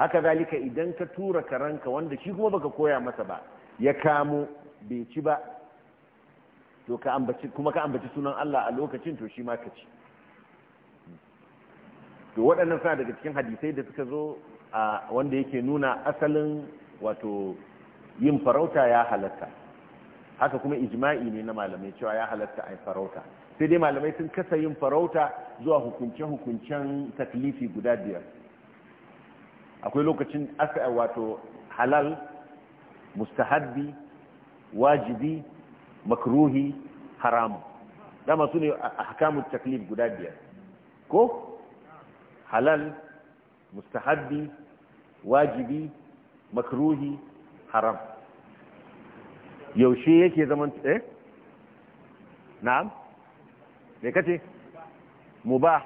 haka zalika idan ka tura karanka wanda shi kuma baka koya masa ba ya kamo bai ci ba to ka ambaci kuma ka ambaci sunan Allah a lokacin to shi ma ka ci to waɗannan suna daga cikin hadisai da suka zo a wanda yake nuna asalin wato yin farauta ya halatta haka kuma ijma'i ne na malamai cewa ya halatta a farauta sai dai malamai sun kasa yin farauta zuwa hukunce-hukuncen taklifi guda biyar akwai lokacin asa wato halal mustahabbi wajibi makruhi haramu dama su ne ahkamun taklif guda biyar ko halal mustahabbi wajibi makruhi haram yaushe yake zaman eh na'am me kace ba?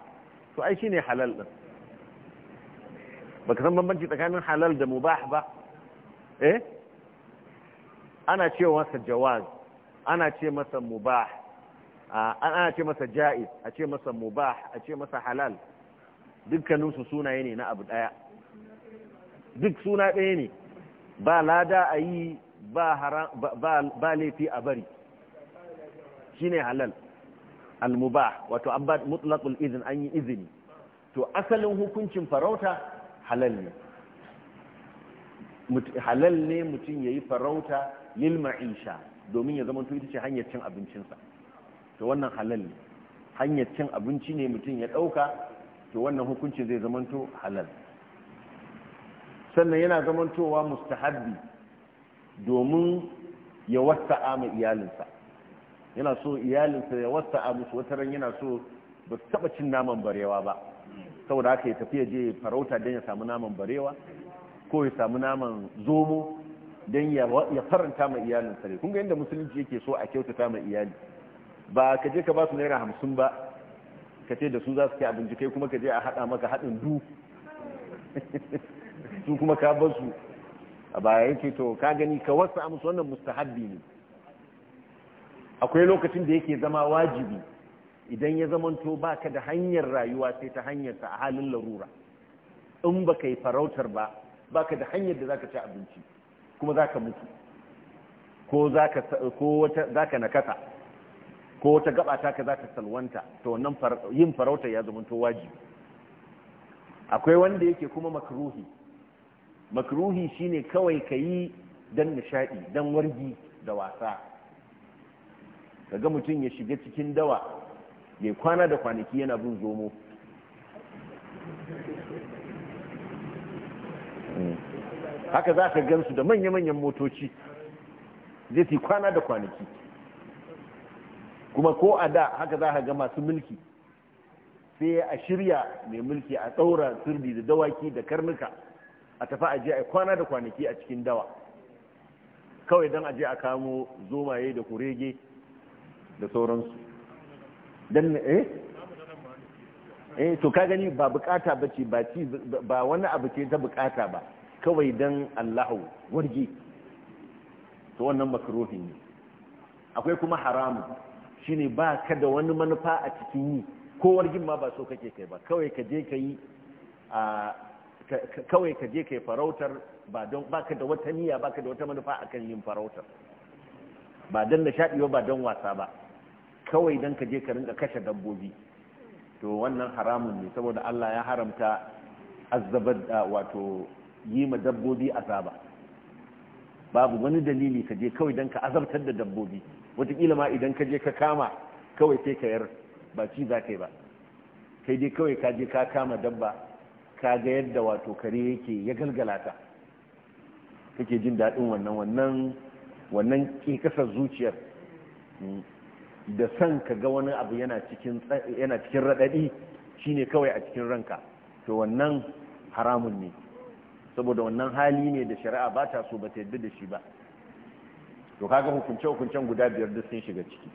to ai shine halal din baka san bambanci tsakanin halal da mubah ba eh ana cewa masa jawaz ana ce masa mubah ana ce masa ja'iz a ce masa mubah a ce masa halal dukkaninsu sunaye ne na abu daya duk suna ɗaya ne ba lada a yi ba laifi a bari ne halal almubah wato abad mutlaqul izin an yi izini to asalin hukuncin farauta halal ne halal ne mutum ya yi farauta lil ma'isha domin ya zama ita ce hanyar cin abincinsa to wannan halal ne hanyar cin abinci ne mutum ya ɗauka to wannan hukuncin zai zamanto halal sannan yana zamantowa mustahabbi domin ya wasa'a ma iyalinsa yana so iyalinsa ya wasa'a musu wata ran yana so ba su taba cin naman barewa ba saboda haka ya tafiya ya je farauta don ya samu naman barewa ko ya samu naman zomo don ya faranta ma iyalinsa ne kunga yadda musulunci yake so a kyautata ma iyali ba ka je ka ba su naira hamsin ba ka ce da su za su ke abinci kai kuma ka je a haɗa maka haɗin du su kuma ka bar su a baya yake to ka gani ka wasu amsu wannan mustahabbi ne akwai lokacin da yake zama wajibi idan ya zamanto baka da hanyar rayuwa sai ta hanyarsa a halin larura in ba yi farautar ba baka da hanyar da zaka ci abinci kuma zaka mutu ko zaka ko wata zaka ko wata gaba ta ka zaka salwanta to wannan yin farautar ya zamanto wajibi akwai wanda yake kuma makruhi makruhi shine kawai ka yi dan nishaɗi dan wargi da wasa kaga mutum ya shiga cikin dawa ya kwana da kwanaki yana bin zomo hmm. haka za ka gansu da manya-manyan motoci zai fi kwana da kwanaki kuma ko a da haka za ka ga masu mulki sai a shirya mai mulki a tsaura sirri da dawaki da karnuka a tafi a je a kwana da kwanaki a cikin dawa kawai don a je a kamo zomaye da kurege da sauransu don eh eh to ka gani ba bukata ba ce ba ci ba wani abu ce ta bukata ba kawai don allahu warge to wannan makarofi ne akwai kuma haramun shine ba ka da wani manufa a cikin yi ko wargin ma ba so kake kai ba kawai ka je ka yi a kawai ka je kai farautar ba don baka da wata niyya baka da wata manufa akan yin farautar ba don nishaɗi ba ba don wasa ba kawai don ka je ka rinka kashe dabbobi to wannan haramun ne saboda Allah ya haramta azzabar ah, wato yi ma dabbobi azaba babu wani dalili ka je kawai don ka azabtar da dabbobi wataƙila ma idan ka je ka kama kawai sai ka yar ba ci za ka yi ba kai dai kawai ka je ka kama dabba ka ga yadda wato kare yake ya galgalata kake jin daɗin wannan wannan wannan ke kasar zuciyar hmm. da san ka ga wani abu yana cikin raɗaɗi shine kawai a cikin ranka to wannan haramun ne saboda wannan hali ne da shari'a ba ta so ba ta yadda da shi ba to kaga hukunce-hukuncen guda biyar da sun shiga ciki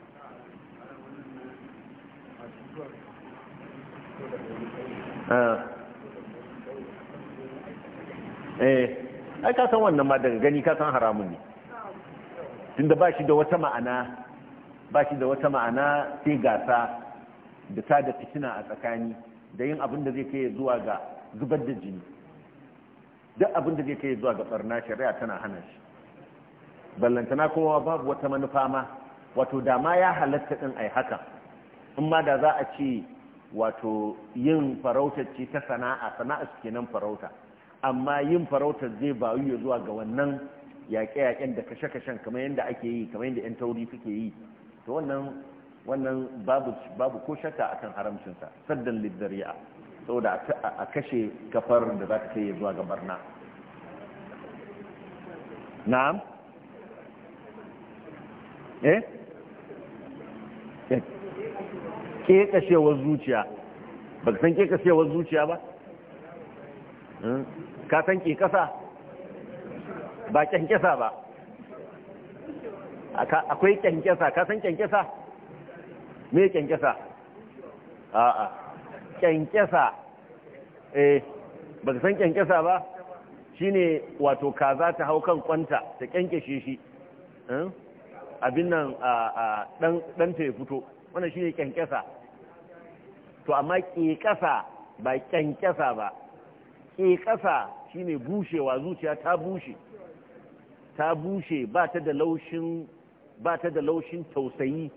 ah. eh ai ka san wannan ma daga gani ka san haramun ne tunda ba shi da wata ma'ana ba shi da wata ma'ana sai gasa da ta da fitina a tsakani da yin abin da zai kai zuwa ga zubar da jini duk abin da zai kai zuwa ga barna shari'a tana hana shi ballantana kuma babu wata manufa ma wato da ma ya halatta din ai haka in ma da za a ce wato yin farautar ce ta sana'a sana'a su kenan farauta amma yin farautar zai bayu ya zuwa ga wannan yaƙe-yaƙen da kashe-kashen kamar yadda ake yi kamar yadda 'yan tauri suke yi to wannan wannan babu ko shakka akan haramcinsa saddan lizzari'a saboda a kashe kafar da za ta kai zuwa ga barna na'am eh ke kashewar zuciya ba san ke kashewar zuciya ba hmm? ka san ke kasa ba kyankyasa ba akwai kyankyasa ka san kyankyasa me kyankyasa a'a kyankyasa eh ba ka san kyankyasa ba shine wato kaza ta hau kan kwanta ta kyankyashe shi hmm? abin nan dan ta ya fito wannan shine kyankyasa to amma ƙiƙasa ba kyankyasa ba ke ƙasa shine bushewa zuciya ta bushe ta bushe ba ta da laushin ba tausayi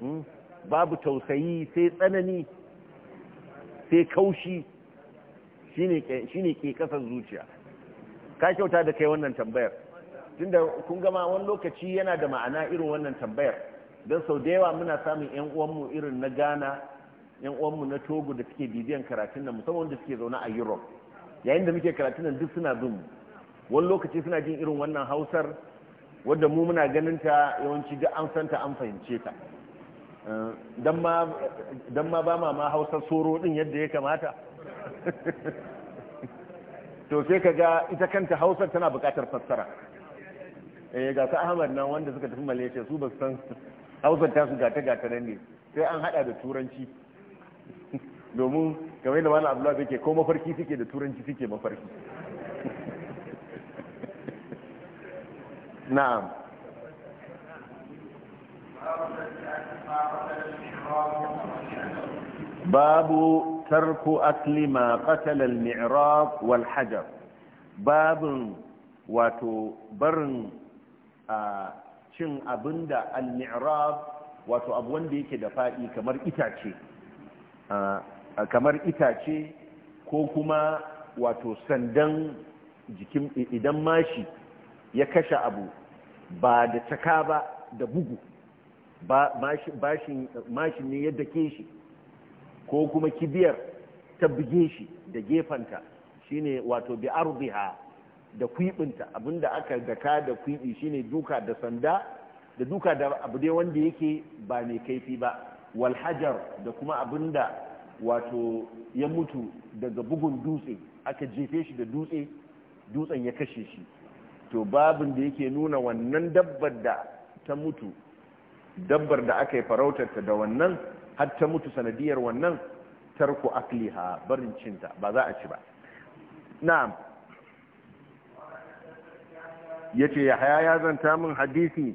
hmm? babu tausayi sai tsanani sai kaushi shine ke ƙasar zuciya ka kyauta da kai wannan tambayar tunda kun gama wani lokaci yana da ma'ana irin wannan tambayar don sau da yawa muna samun 'yan uwanmu irin na gana. yan uwanmu na togo da suke bibiyan karatun nan musamman da suke zaune a europe yayin da muke karatun nan duk suna bin mu wani lokaci suna jin irin wannan hausar wadda mu muna ganin ta yawanci duk an santa an fahimce ta eh, don ma ba ma ma hausar soro din yadda ya kamata to sai ka ga ita kanta hausar tana buƙatar fassara eh ga su ahmad nan wanda suka tafi malaysia su ba san hausar ta su gata gata nan ne sai an hada da turanci domin game da malam abdullahi ke ko mafarki suke da turanci suke mafarki na'am babu tarku akli ma qatala wal wato barin cin abinda al-mi'rab wato abu wanda yake da faɗi kamar itace kamar itace ko kuma wato sandan jikin idan mashi ya kashe abu ba da caka ba da bugu mashin ne ya dake shi ko kuma kibiyar ta buge shi da gefanta shine wato bi arziha da kwibinta abinda aka daka da kwibi shine duka da sanda da duka da abu dai wanda yake ba mai kaifi ba walhajar da kuma abinda wato ya mutu daga bugun dutse aka jefe shi da dutse dutsen ya kashe shi to babin da yake nuna wannan dabbar da ta mutu dabbar da aka yi farautarta da wannan har ta mutu sanadiyar wannan tarko akliha barin cinta ba za a ci ba na'am yace yahaya ya zanta min hadisi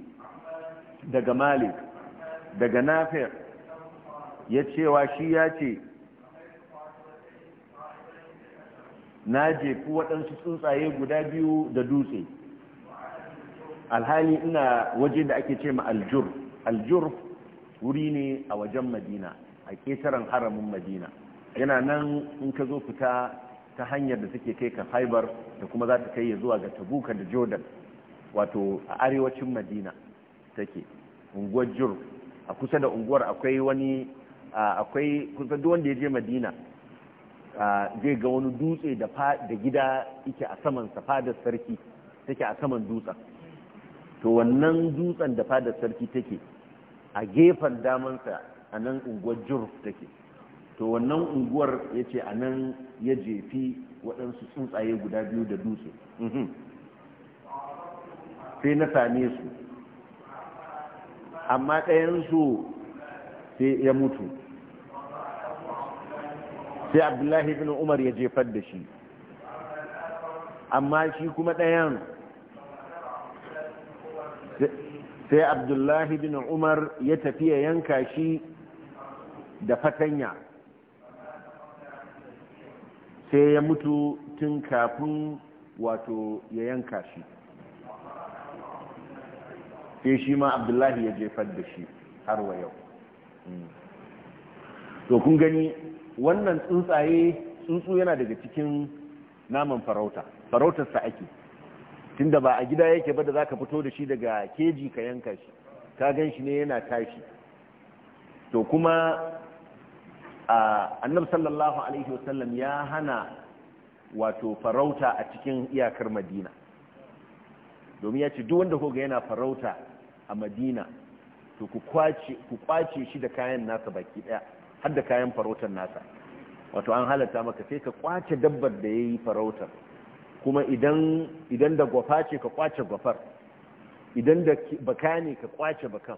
daga malik daga nafi' ya cewa shi ya ce na jefi waɗansu tsuntsaye guda biyu da dutse alhali ina waje da ake ce ma aljur aljur wuri ne a wajen madina a ƙetaren haramin madina yana nan in ka zo fita ta hanyar da take kai ka haibar da kuma za ta kai ya zuwa ga tabuka da jordan wato a arewacin madina take unguwar jur a kusa da unguwar akwai wani akwai kusan duk wanda ya je madina zai ga wani dutse da gida yake a saman fadar sarki take a saman dutsen to wannan dutsen da fadar sarki take a gefen damansa a nan unguwar jurf take to wannan unguwar ya ce a nan ya jefi waɗansu tsuntsaye guda biyu da dutse mhm. sai na same su amma ɗayansu sai ya mutu sai abdullahi ibn umar ya jefar da shi amma shi kuma ɗayan sai abdullahi ibn umar ya tafiya yanka shi da fatanya sai ya mutu tun kafin wato ya yanka shi sai shi ma abdullahi ya jefar da shi har wa yau hmm. to kun gani wannan tsuntsaye tsuntsu yana daga cikin naman farauta farautarsa ake tunda ba a gida yake ba da za ka fito da shi daga keji ka yanka shi ka gan shi ne yana tashi to kuma annab sallallahu alaihi wasallam ya hana wato farauta a cikin iyakar madina domin ya ce duk wanda koga yana farauta a madina to ku kwace shi da kayan nasa baki daya har da kayan farautar nasa wato an halatta maka sai ka kwace dabbar da ya yi farautar kuma idan da gwafa ce ka kwace gwafar idan da baka ne ka kwace bakan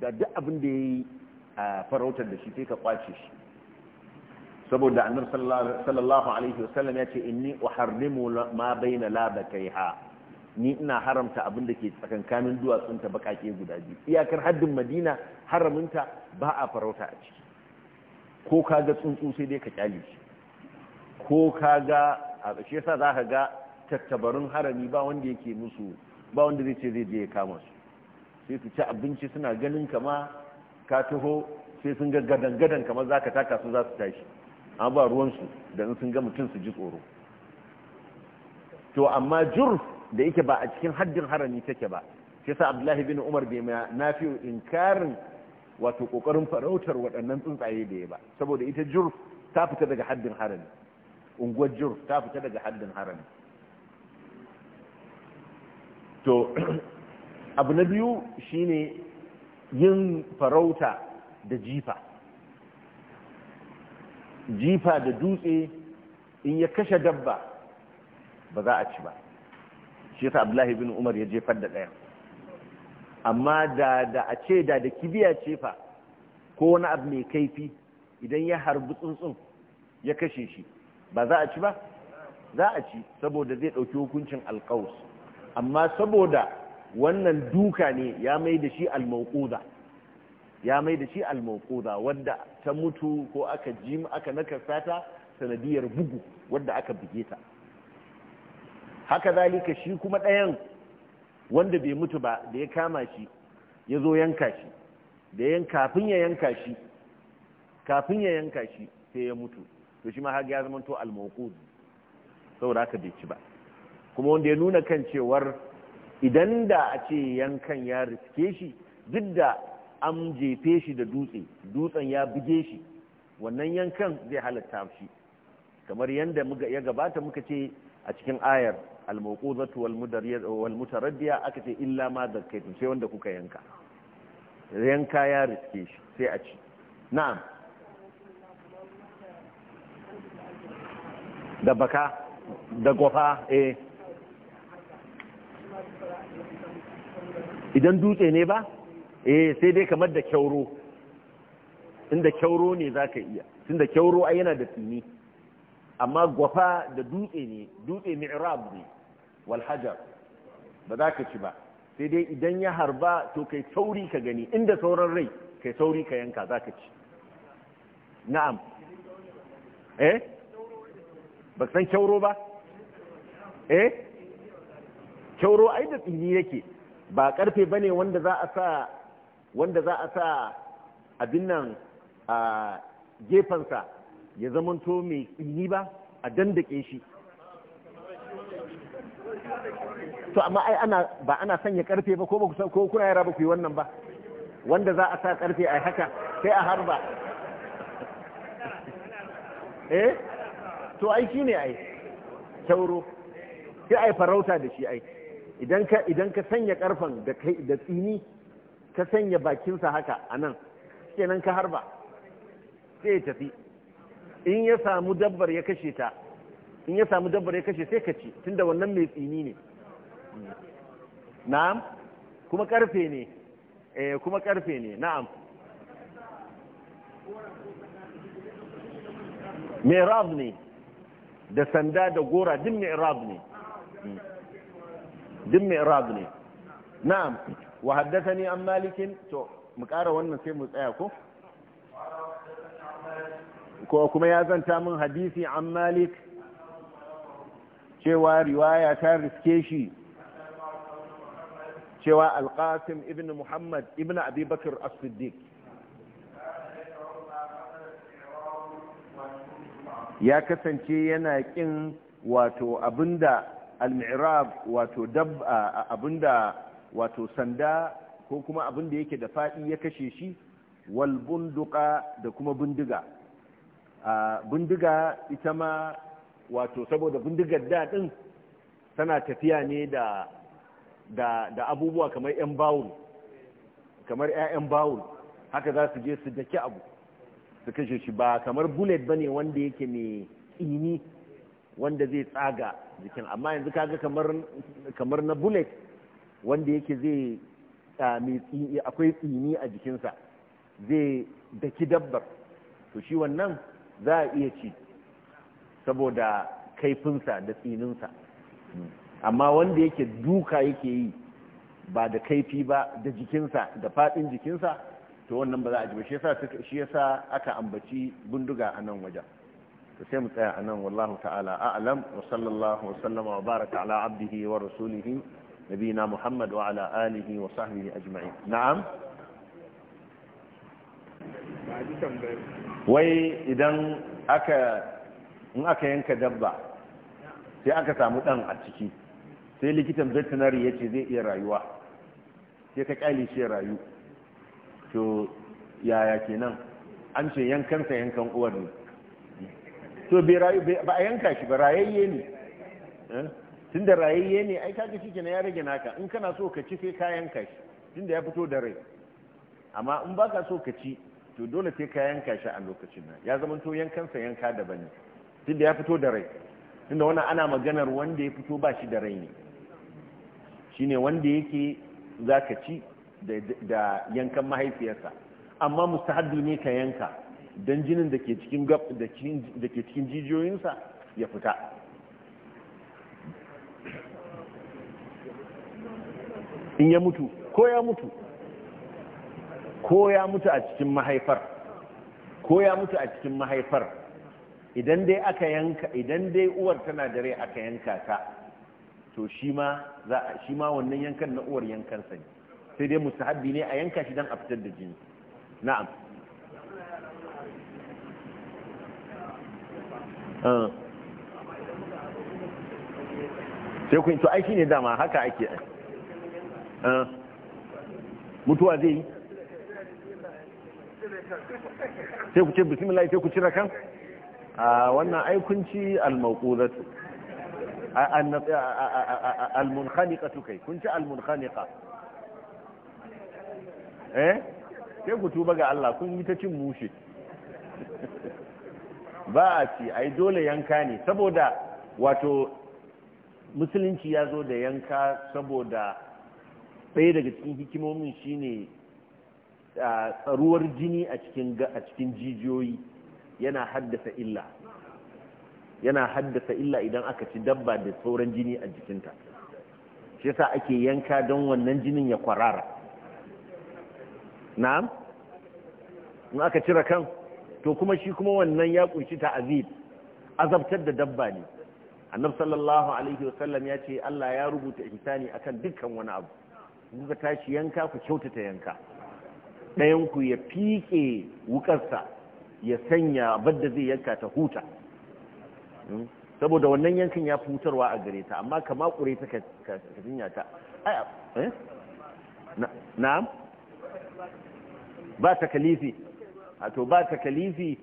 da duk abin da ya yi farautar da shi sai ka kwace shi saboda annar sallallahu alaihi wasallam ya ce inni uharrimu ma baina ha ni ina haramta abin da ke tsakankanin duwatsun ta bakake guda biyu iyakar haddin madina haraminta ba a farauta a ciki ko ka ga tsuntsu sai dai ka kyale shi ko ka ga a ƙashe sa za ka ga tattabarun harami ba wanda yake musu ba wanda zai ce zai je ya kama su sai su ci abinci suna ganin kama ka taho sai sun ga gadan-gadan za ka taka su za su tashi an ba ruwansu da sun ga mutum su ji tsoro to amma jur da yake ba a cikin haddin harami take ba shi sa abdullahi bin umar bai ma na fi inkarin wato ƙoƙarin farautar waɗannan tsuntsaye da ya ba saboda ita jur ta fita daga haddin harami unguwar jur ta fita daga haddin harami to abu na biyu shine yin farauta da jifa jifa da dutse in ya kashe dabba ba za a ci ba shi yasa abdullahi bin umar ya jefar da ɗayan. amma da da a ce da da kibiya ce fa ko wani abu mai kaifi idan ya harbi tsuntsun ya kashe shi ba za a ci ba za a ci saboda zai ɗauki hukuncin alqaus amma saboda wannan duka ne ya mai da shi almauquda ya mai da shi almauquda wadda ta mutu ko aka jim aka nakasa ta sanadiyar bugu wadda aka buge ta haka zalika shi kuma ɗayan wanda bai mutu ba da ya kama shi ya zo yanka shi da yan kafin ya yanka shi kafin ya yanka shi sai ya mutu to shi ma haka ya zama to al sau saboda haka bai ba kuma wanda ya nuna kan cewar idan da a ce yankan ya riske shi duk da an jefe shi da dutse dutsen ya buge shi wannan yankan zai halatta shi kamar yadda ya gabata muka ce a cikin ayar al-mawqudatu wal mutaraddiya aka ce illa ma zakaitu sai wanda kuka yanka yanka ya riske shi sai a ci na'am da baka da gofa eh idan dutse ne ba eh sai dai kamar da kyauro inda kyauro ne zaka iya tunda kyauro ai yana da tsini amma gwafa da dutse ne dutse mi'rab ne wal hajar ba za ka ci ba sai dai idan ya harba to kai sauri ka gani inda sauran rai kai sauri ka yanka za ka ci na'am eh ba san kyauro ba eh kyauro ai da tsini yake ba karfe bane wanda za wanda za a sa abin nan a gefensa ya zamanto mai tsini ba a dandake shi to amma ai ana ba ana sanya karfe ba ko ba ko kuna yara ba ku yi wannan ba wanda za a sa karfe ai haka sai a harba eh to ai shine ai tauro sai ai farauta da shi ai idan ka idan ka sanya karfan da kai da tsini ka sanya bakinsa haka anan kenan ka harba sai ya tafi in ya samu dabbar ya kashe ta in ya samu dabbar ya kashe sai ka tun tunda wannan mai tsini ne na'am kuma karfe ne eh kuma karfe ne na'am mi'rab ne da sanda da gora mai mi'rab ne mai mi'rab ne na'am wa haddathani an malikin to mu ƙara wannan sai mu tsaya ko ko kuma ya zanta min hadisi an malik cewa riwaya ta riske shi cewa alƙasim ibn muhammad ibn abubakar as-siddiq ya kasance yana ƙin wato abinda al-mi'rab wato dab abinda wato sanda ko kuma abinda yake da fadi ya kashe shi wal bunduka da kuma bindiga bindiga ita ma wato saboda bindigar da din tana tafiya ne da da da abubuwa kamar yan bawul kamar ƴaƴan bawul haka za su je su daki abu su kashe shi ba kamar bullet bane wanda yake mai ini wanda zai tsaga jikin amma yanzu kaga kamar kamar na bullet wanda yake zai akwai tsini a jikinsa zai daki dabbar to shi wannan za a iya ci saboda kaifinsa da tsininsa amma wanda yake duka yake yi ba da kaifi ba da jikinsa da faɗin jikinsa to wannan ba za a ji ba shi yasa shi yasa aka ambaci bindiga a nan wajen to sai mu tsaya a nan wallahu ta'ala a'lam wa sallallahu wa sallama wa baraka ala abdihi wa rasulihi nabiyina muhammad wa ala alihi wa sahbihi ajma'in na'am wai idan aka in aka yanka dabba sai aka samu ɗan a ciki sai likitan veterinary ya ce zai iya rayuwa sai ka kyale shi rayu to yaya kenan an ce yankansa yankan uwar ne to ba a yanka shi ba rayayye ne eh? tun da rayayye ne ai kaga shi kenan ya rage naka in kana so ka ci sai ka yanka shi tun da ya fito da rai amma in baka so ka ci to dole sai ka yanka shi a lokacin nan ya zama to yankansa yanka daban ne tunda ya fito da rai tunda wannan ana maganar wanda ya fito ba shi da rai ne shine wanda yake za ka ci da yankan mahaifiyarsa amma mustahabbi ne ka yanka don jinin da ke cikin da ke cikin jijiyoyinsa ya fita in ya mutu ko ya mutu ko ya mutu a cikin mahaifar ko ya mutu a cikin mahaifar idan dai aka yanka idan dai uwar tana da rai aka yanka ta to shi ma za a shi ma wannan yankan na uwar yankan sa ne sai dai mustahabbi ne a yanka shi dan a fitar da jini na'am ah. sai kun to ai shine dama haka ake ah. mutuwa zai yi sai ku ce bismillah sai ku cira kan a wannan aikunci almauqudatu tu kai kunci almunkhaniqa eh sai ku tuba ga Allah kun yi ta cin mushe ba a ci ai dole yanka ne saboda wato musulunci ya zo da yanka saboda ɗaya daga cikin hikimomin shine tsaruwar jini a cikin jijiyoyi yana haddasa illa yana haddasa illa idan aka ci dabba da sauran jini a jikinta shi yasa ake yanka don wannan jinin ya kwarara na'am in aka cire kan to kuma shi kuma wannan ya kunshi ta'azib azabtar da dabba ne annab sallallahu alaihi wasallam ya ce Allah ya rubuta ihsani akan dukkan wani abu kuka tashi yanka ku kyautata yanka ɗayan ku ya fiƙe wukarsa ya sanya abin zai yanka ta huta hmm? saboda wannan yankin ya fi hutarwa a gare ta amma kama kure ta ka jinya ta eh? na ba takalifi a to ba takalifi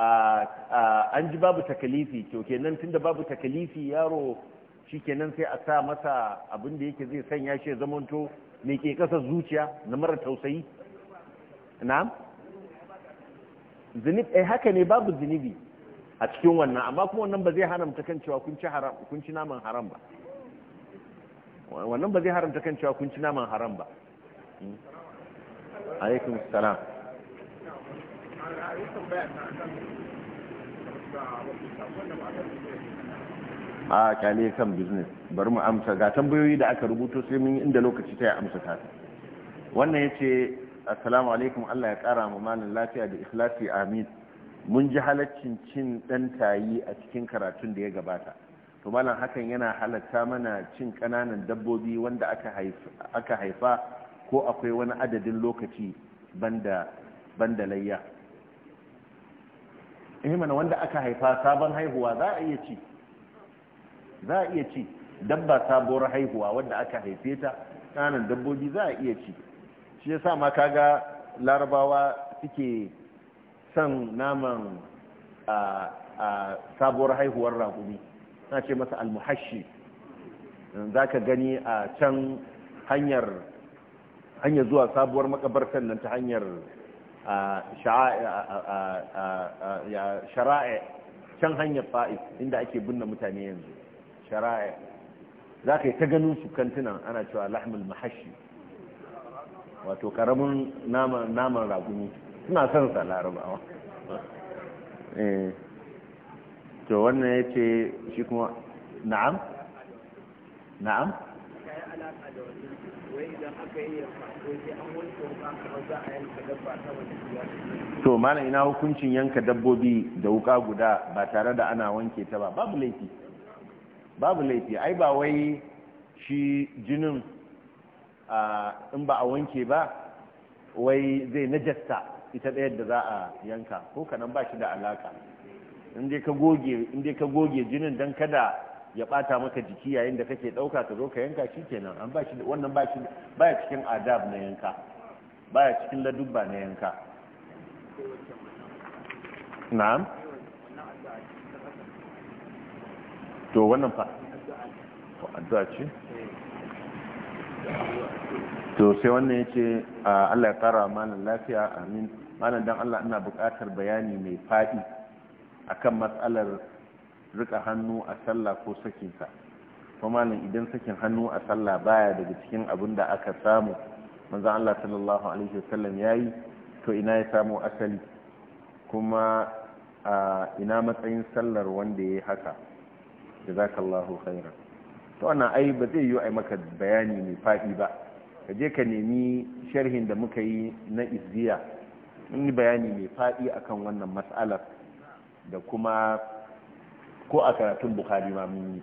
an ji babu takalifi to kenan da babu takalifi yaro shi kenan sai a sa masa abinda yake zai sanya shi zamanto mai ke kasar zuciya na mara tausayi na'am zunub eh haka ne babu zunubi a cikin wannan amma kuma wannan ba zai haramta kan cewa kun ci haram kun ci naman haram ba wannan ba zai haramta kan cewa kun ci naman haram ba hmm? alaikum salam a kyale kan business bari mu amsa ga tambayoyi da aka rubuto sai mun inda lokaci ta ya amsa ta wannan yace assalamu alaikum Allah ya kara mu malin lafiya da ikhlasi amin mun ji halaccin cin dan tayi a cikin karatun da ya gabata to malam hakan yana halatta mana cin kananan dabbobi wanda aka haifa ko akwai wani adadin lokaci banda banda layya eh mana wanda aka haifa sabon haihuwa za a iya ci za a iya ci dabba sabuwar haihuwa wanda aka haife ta kananan dabbobi za a iya ci shi ya sa ma kaga larabawa suke son naman a sabuwar haihuwar raƙumi na ce masa almuhashi za ka gani a can hanyar hanyar zuwa sabuwar makabartar nan ta hanyar shara'a can hanyar fa'is inda ake binne mutane yanzu shara'a za ka yi ta ganin su kantunan ana cewa lahmul mahashi wato karamin naman raguni suna son sa larabawa eh. to wannan ya ce shi kuma na'am na'am to malam ina hukuncin yanka dabbobi da wuka guda ba tare da ana wanke ta ba babu laifi babu laifi ai ba wai shi jinin in ba a wanke ba wai zai najasta ita ɗaya da za a yanka ko kanan ba shi da alaka inda ka goge jinin don kada ya ɓata maka jiki yayin da kake ɗauka ka zo ka yanka shi kenan wannan ba shi wannan ba ya cikin adab na yanka ba ya cikin ladubba na yanka na'am to wannan fa addu'a ce to sai wannan ya ce allah ya kara malam lafiya amin malam don allah ina buƙatar bayani mai faɗi akan matsalar rika hannu a sallah ko sakinsa kuma malam idan sakin hannu a sallah baya daga cikin abin da aka samu manzan allah sallallahu alaihi wasallam ya yi to ina ya samu asali kuma ina matsayin sallar wanda ya yi haka jazakallahu khairan ta wannan ai ba zai yi a maka bayani mai faɗi ba ka je ka nemi sharhin da muka yi na izziya in yi bayani mai faɗi akan wannan matsalar da kuma ko a karatun bukari ma mun yi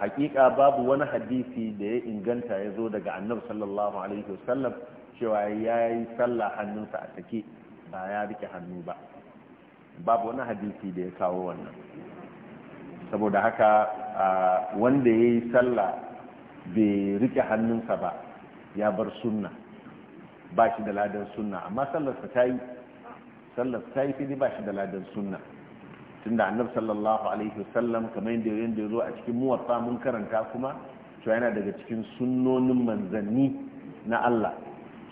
hakika babu wani hadisi da ya inganta ya zo daga annabi sallallahu alaihi wasallam cewa ya yi sallah hannunsa a take ba ya rike hannu ba babu wani hadisi da ya kawo wannan saboda haka wanda ya yi sallah bai rike hannunsa ba ya bar sunna ba shi da ladan sunna amma sallarsa ta yi sallar ta yi fili ba shi da ladan sunna tun da annab sallallahu alaihi wasallam kamar yadda yadda zo a cikin muwaffa mun karanta kuma to yana daga cikin sunnonin manzanni na Allah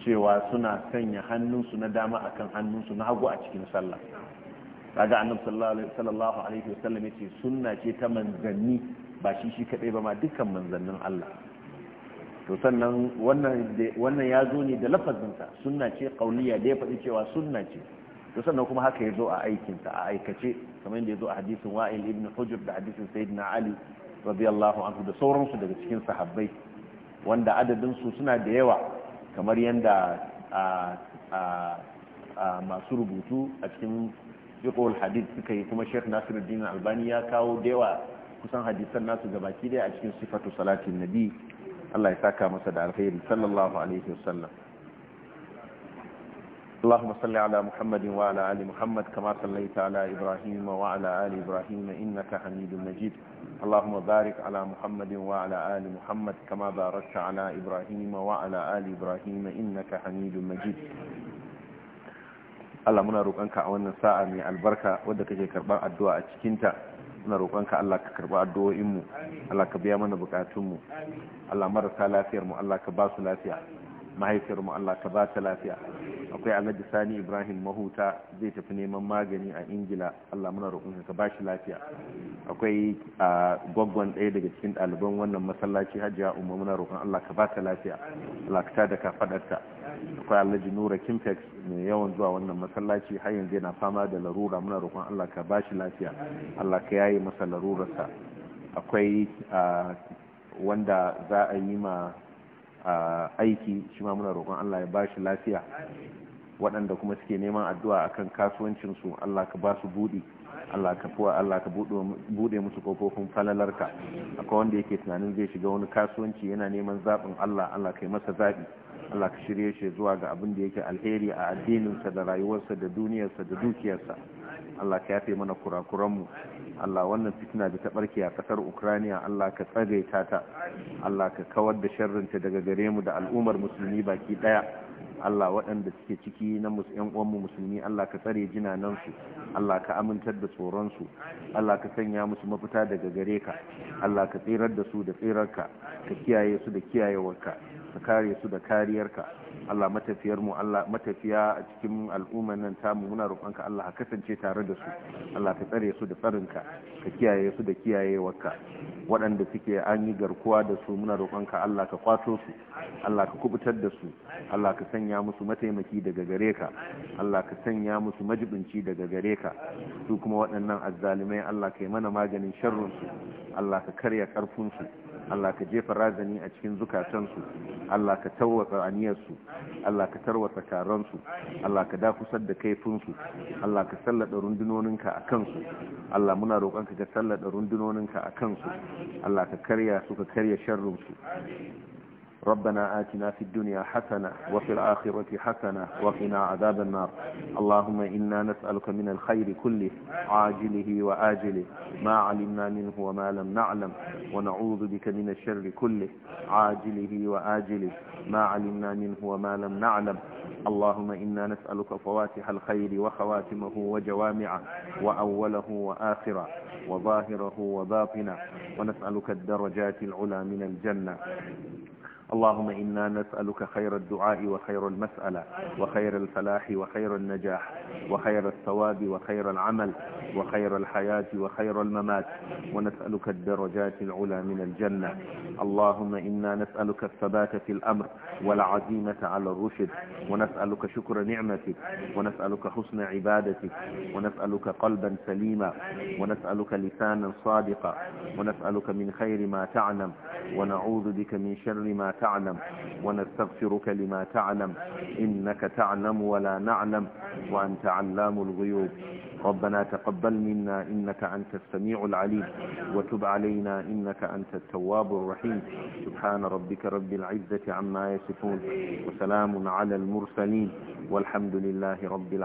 cewa suna sanya hannunsu na dama akan hannunsu na hagu a cikin sallah kaga annabi sallallahu alaihi wasallam yace sunna ce ta manzanni ba shi shi kadai ba ma dukkan manzannin Allah to sannan wannan wannan ya zo ne da lafazinsa sunna ce kauliya da ya faɗi cewa sunna ce to sannan kuma haka ya zo a ta a aikace kamar yadda ya zo a hadisin wa'il ibn hujr da hadisin sayyidina ali radiyallahu anhu da sauransu daga cikin sahabbai wanda adadin su suna da yawa kamar yanda yadda masu rubutu a cikin fiqhul hadith suka yi kuma Sheikh Nasiruddin Albani ya kawo da yawa kusan hadisan nasu gabaki dai a cikin sifatu salatin nabi Allah ya saka masa da alkhairi sallallahu alaihi wasallam اللهم صل على محمد وعلى آل محمد كما صليت على إبراهيم وعلى آل إبراهيم إنك حميد مجيد اللهم بارك على محمد وعلى آل محمد كما باركت على إبراهيم وعلى آل إبراهيم إنك حميد مجيد Allah muna roƙonka a wannan sa'a mai albarka wadda kake karɓar addu'a a cikinta muna roƙonka Allah ka karɓi addu'o'inmu Allah ka biya mana buƙatunmu Allah marasa lafiyarmu Allah ka ba su lafiya mahaifiyar mu Allah ka ba ta lafiya akwai Alhaji Sani Ibrahim Mahuta zai tafi neman magani a Ingila Allah muna roƙon ka ba shi lafiya akwai gwaggon ɗaya daga cikin ɗaliban wannan masallaci Hajiya Umma muna roƙon Allah ka ba ta lafiya Allah ka tada ka fadarta akwai Alhaji Nura Kimfex mai yawan zuwa wannan masallaci har yanzu yana fama da larura muna roƙon Allah ka ba shi lafiya Allah ka yaye masa larurarsa akwai wanda za a yi ma aiki shi ma muna roƙon Allah ya ba shi lafiya waɗanda kuma suke neman addu'a akan kasuwancinsu Allah ka ba su buɗi Allah ka fuwa Allah ka buɗe musu kofofin falalarka akwai wanda yake tunanin zai shiga wani kasuwanci yana neman zaɓin Allah Allah ka yi masa zaɓi Allah ka shirye shi zuwa ga abin da yake alheri a addininsa da rayuwarsa da duniyarsa da dukiyarsa Allah ka yafe mana kurakuranmu Allah wannan fitina da ta barke a kasar Ukraina Allah ka tsagaita ta Allah ka kawar da sharrinta daga gare mu da al'ummar musulmi baki daya Allah waɗanda suke ciki na yan uwanmu musulmi Allah ka tsare jinanansu Allah ka amintar da tsoron su Allah ka sanya musu mafita daga gare ka Allah ka tsirar da su da tsirarka ka kiyaye su da kiyayewarka ka kare su da kariyarka Allah matafiyar mu Allah matafiya a cikin al'umma nan tamu muna roƙonka Allah ka kasance tare da su Allah ka tsare su da tsarinka ka kiyaye su da kiyayewarka waɗanda suke an yi garkuwa da su muna roƙonka Allah ka kwato su Allah ka kubutar da su Allah ka sanya musu mataimaki daga gare ka Allah ka sanya musu majibinci daga gare ka su kuma waɗannan azzalimai Allah ka yi mana maganin sharrin su Allah ka karya karfin su Allah ka jefa razani a cikin zukatansu Allah ka tarwatsa aniyarsu Allah ka tarwatsa taronsu Allah ka dakusar da kaifinsu Allah ka sallada rundunoninka a kansu Allah muna roƙonka ka sallada rundunoninka a kansu Allah ka karya suka karya sharrinsu ربنا آتنا في الدنيا حسنة وفي الآخرة حسنة وقنا عذاب النار اللهم إنا نسألك من الخير كله عاجله وآجله ما علمنا منه وما لم نعلم ونعوذ بك من الشر كله عاجله وآجله ما علمنا منه وما لم نعلم اللهم إنا نسألك فواتح الخير وخواتمه وجوامعه وأوله وآخره وظاهره وباطنه ونسألك الدرجات العلى من الجنة اللهم إنا نسألك خير الدعاء وخير المسألة وخير الفلاح وخير النجاح وخير الثواب وخير العمل وخير الحياة وخير الممات ونسألك الدرجات العلى من الجنة اللهم إنا نسألك الثبات في الأمر والعزيمة على الرشد ونسألك شكر نعمتك ونسألك حسن عبادتك ونسألك قلبا سليما ونسألك لسانا صادقا ونسألك من خير ما تعلم ونعوذ بك من شر ما تعلم ونستغفرك لما تعلم إنك تعلم ولا نعلم وأنت علام الغيوب ربنا تقبل منا إنك أنت السميع العليم وتب علينا إنك أنت التواب الرحيم سبحان ربك رب العزة عما يصفون وسلام على المرسلين والحمد لله رب العالمين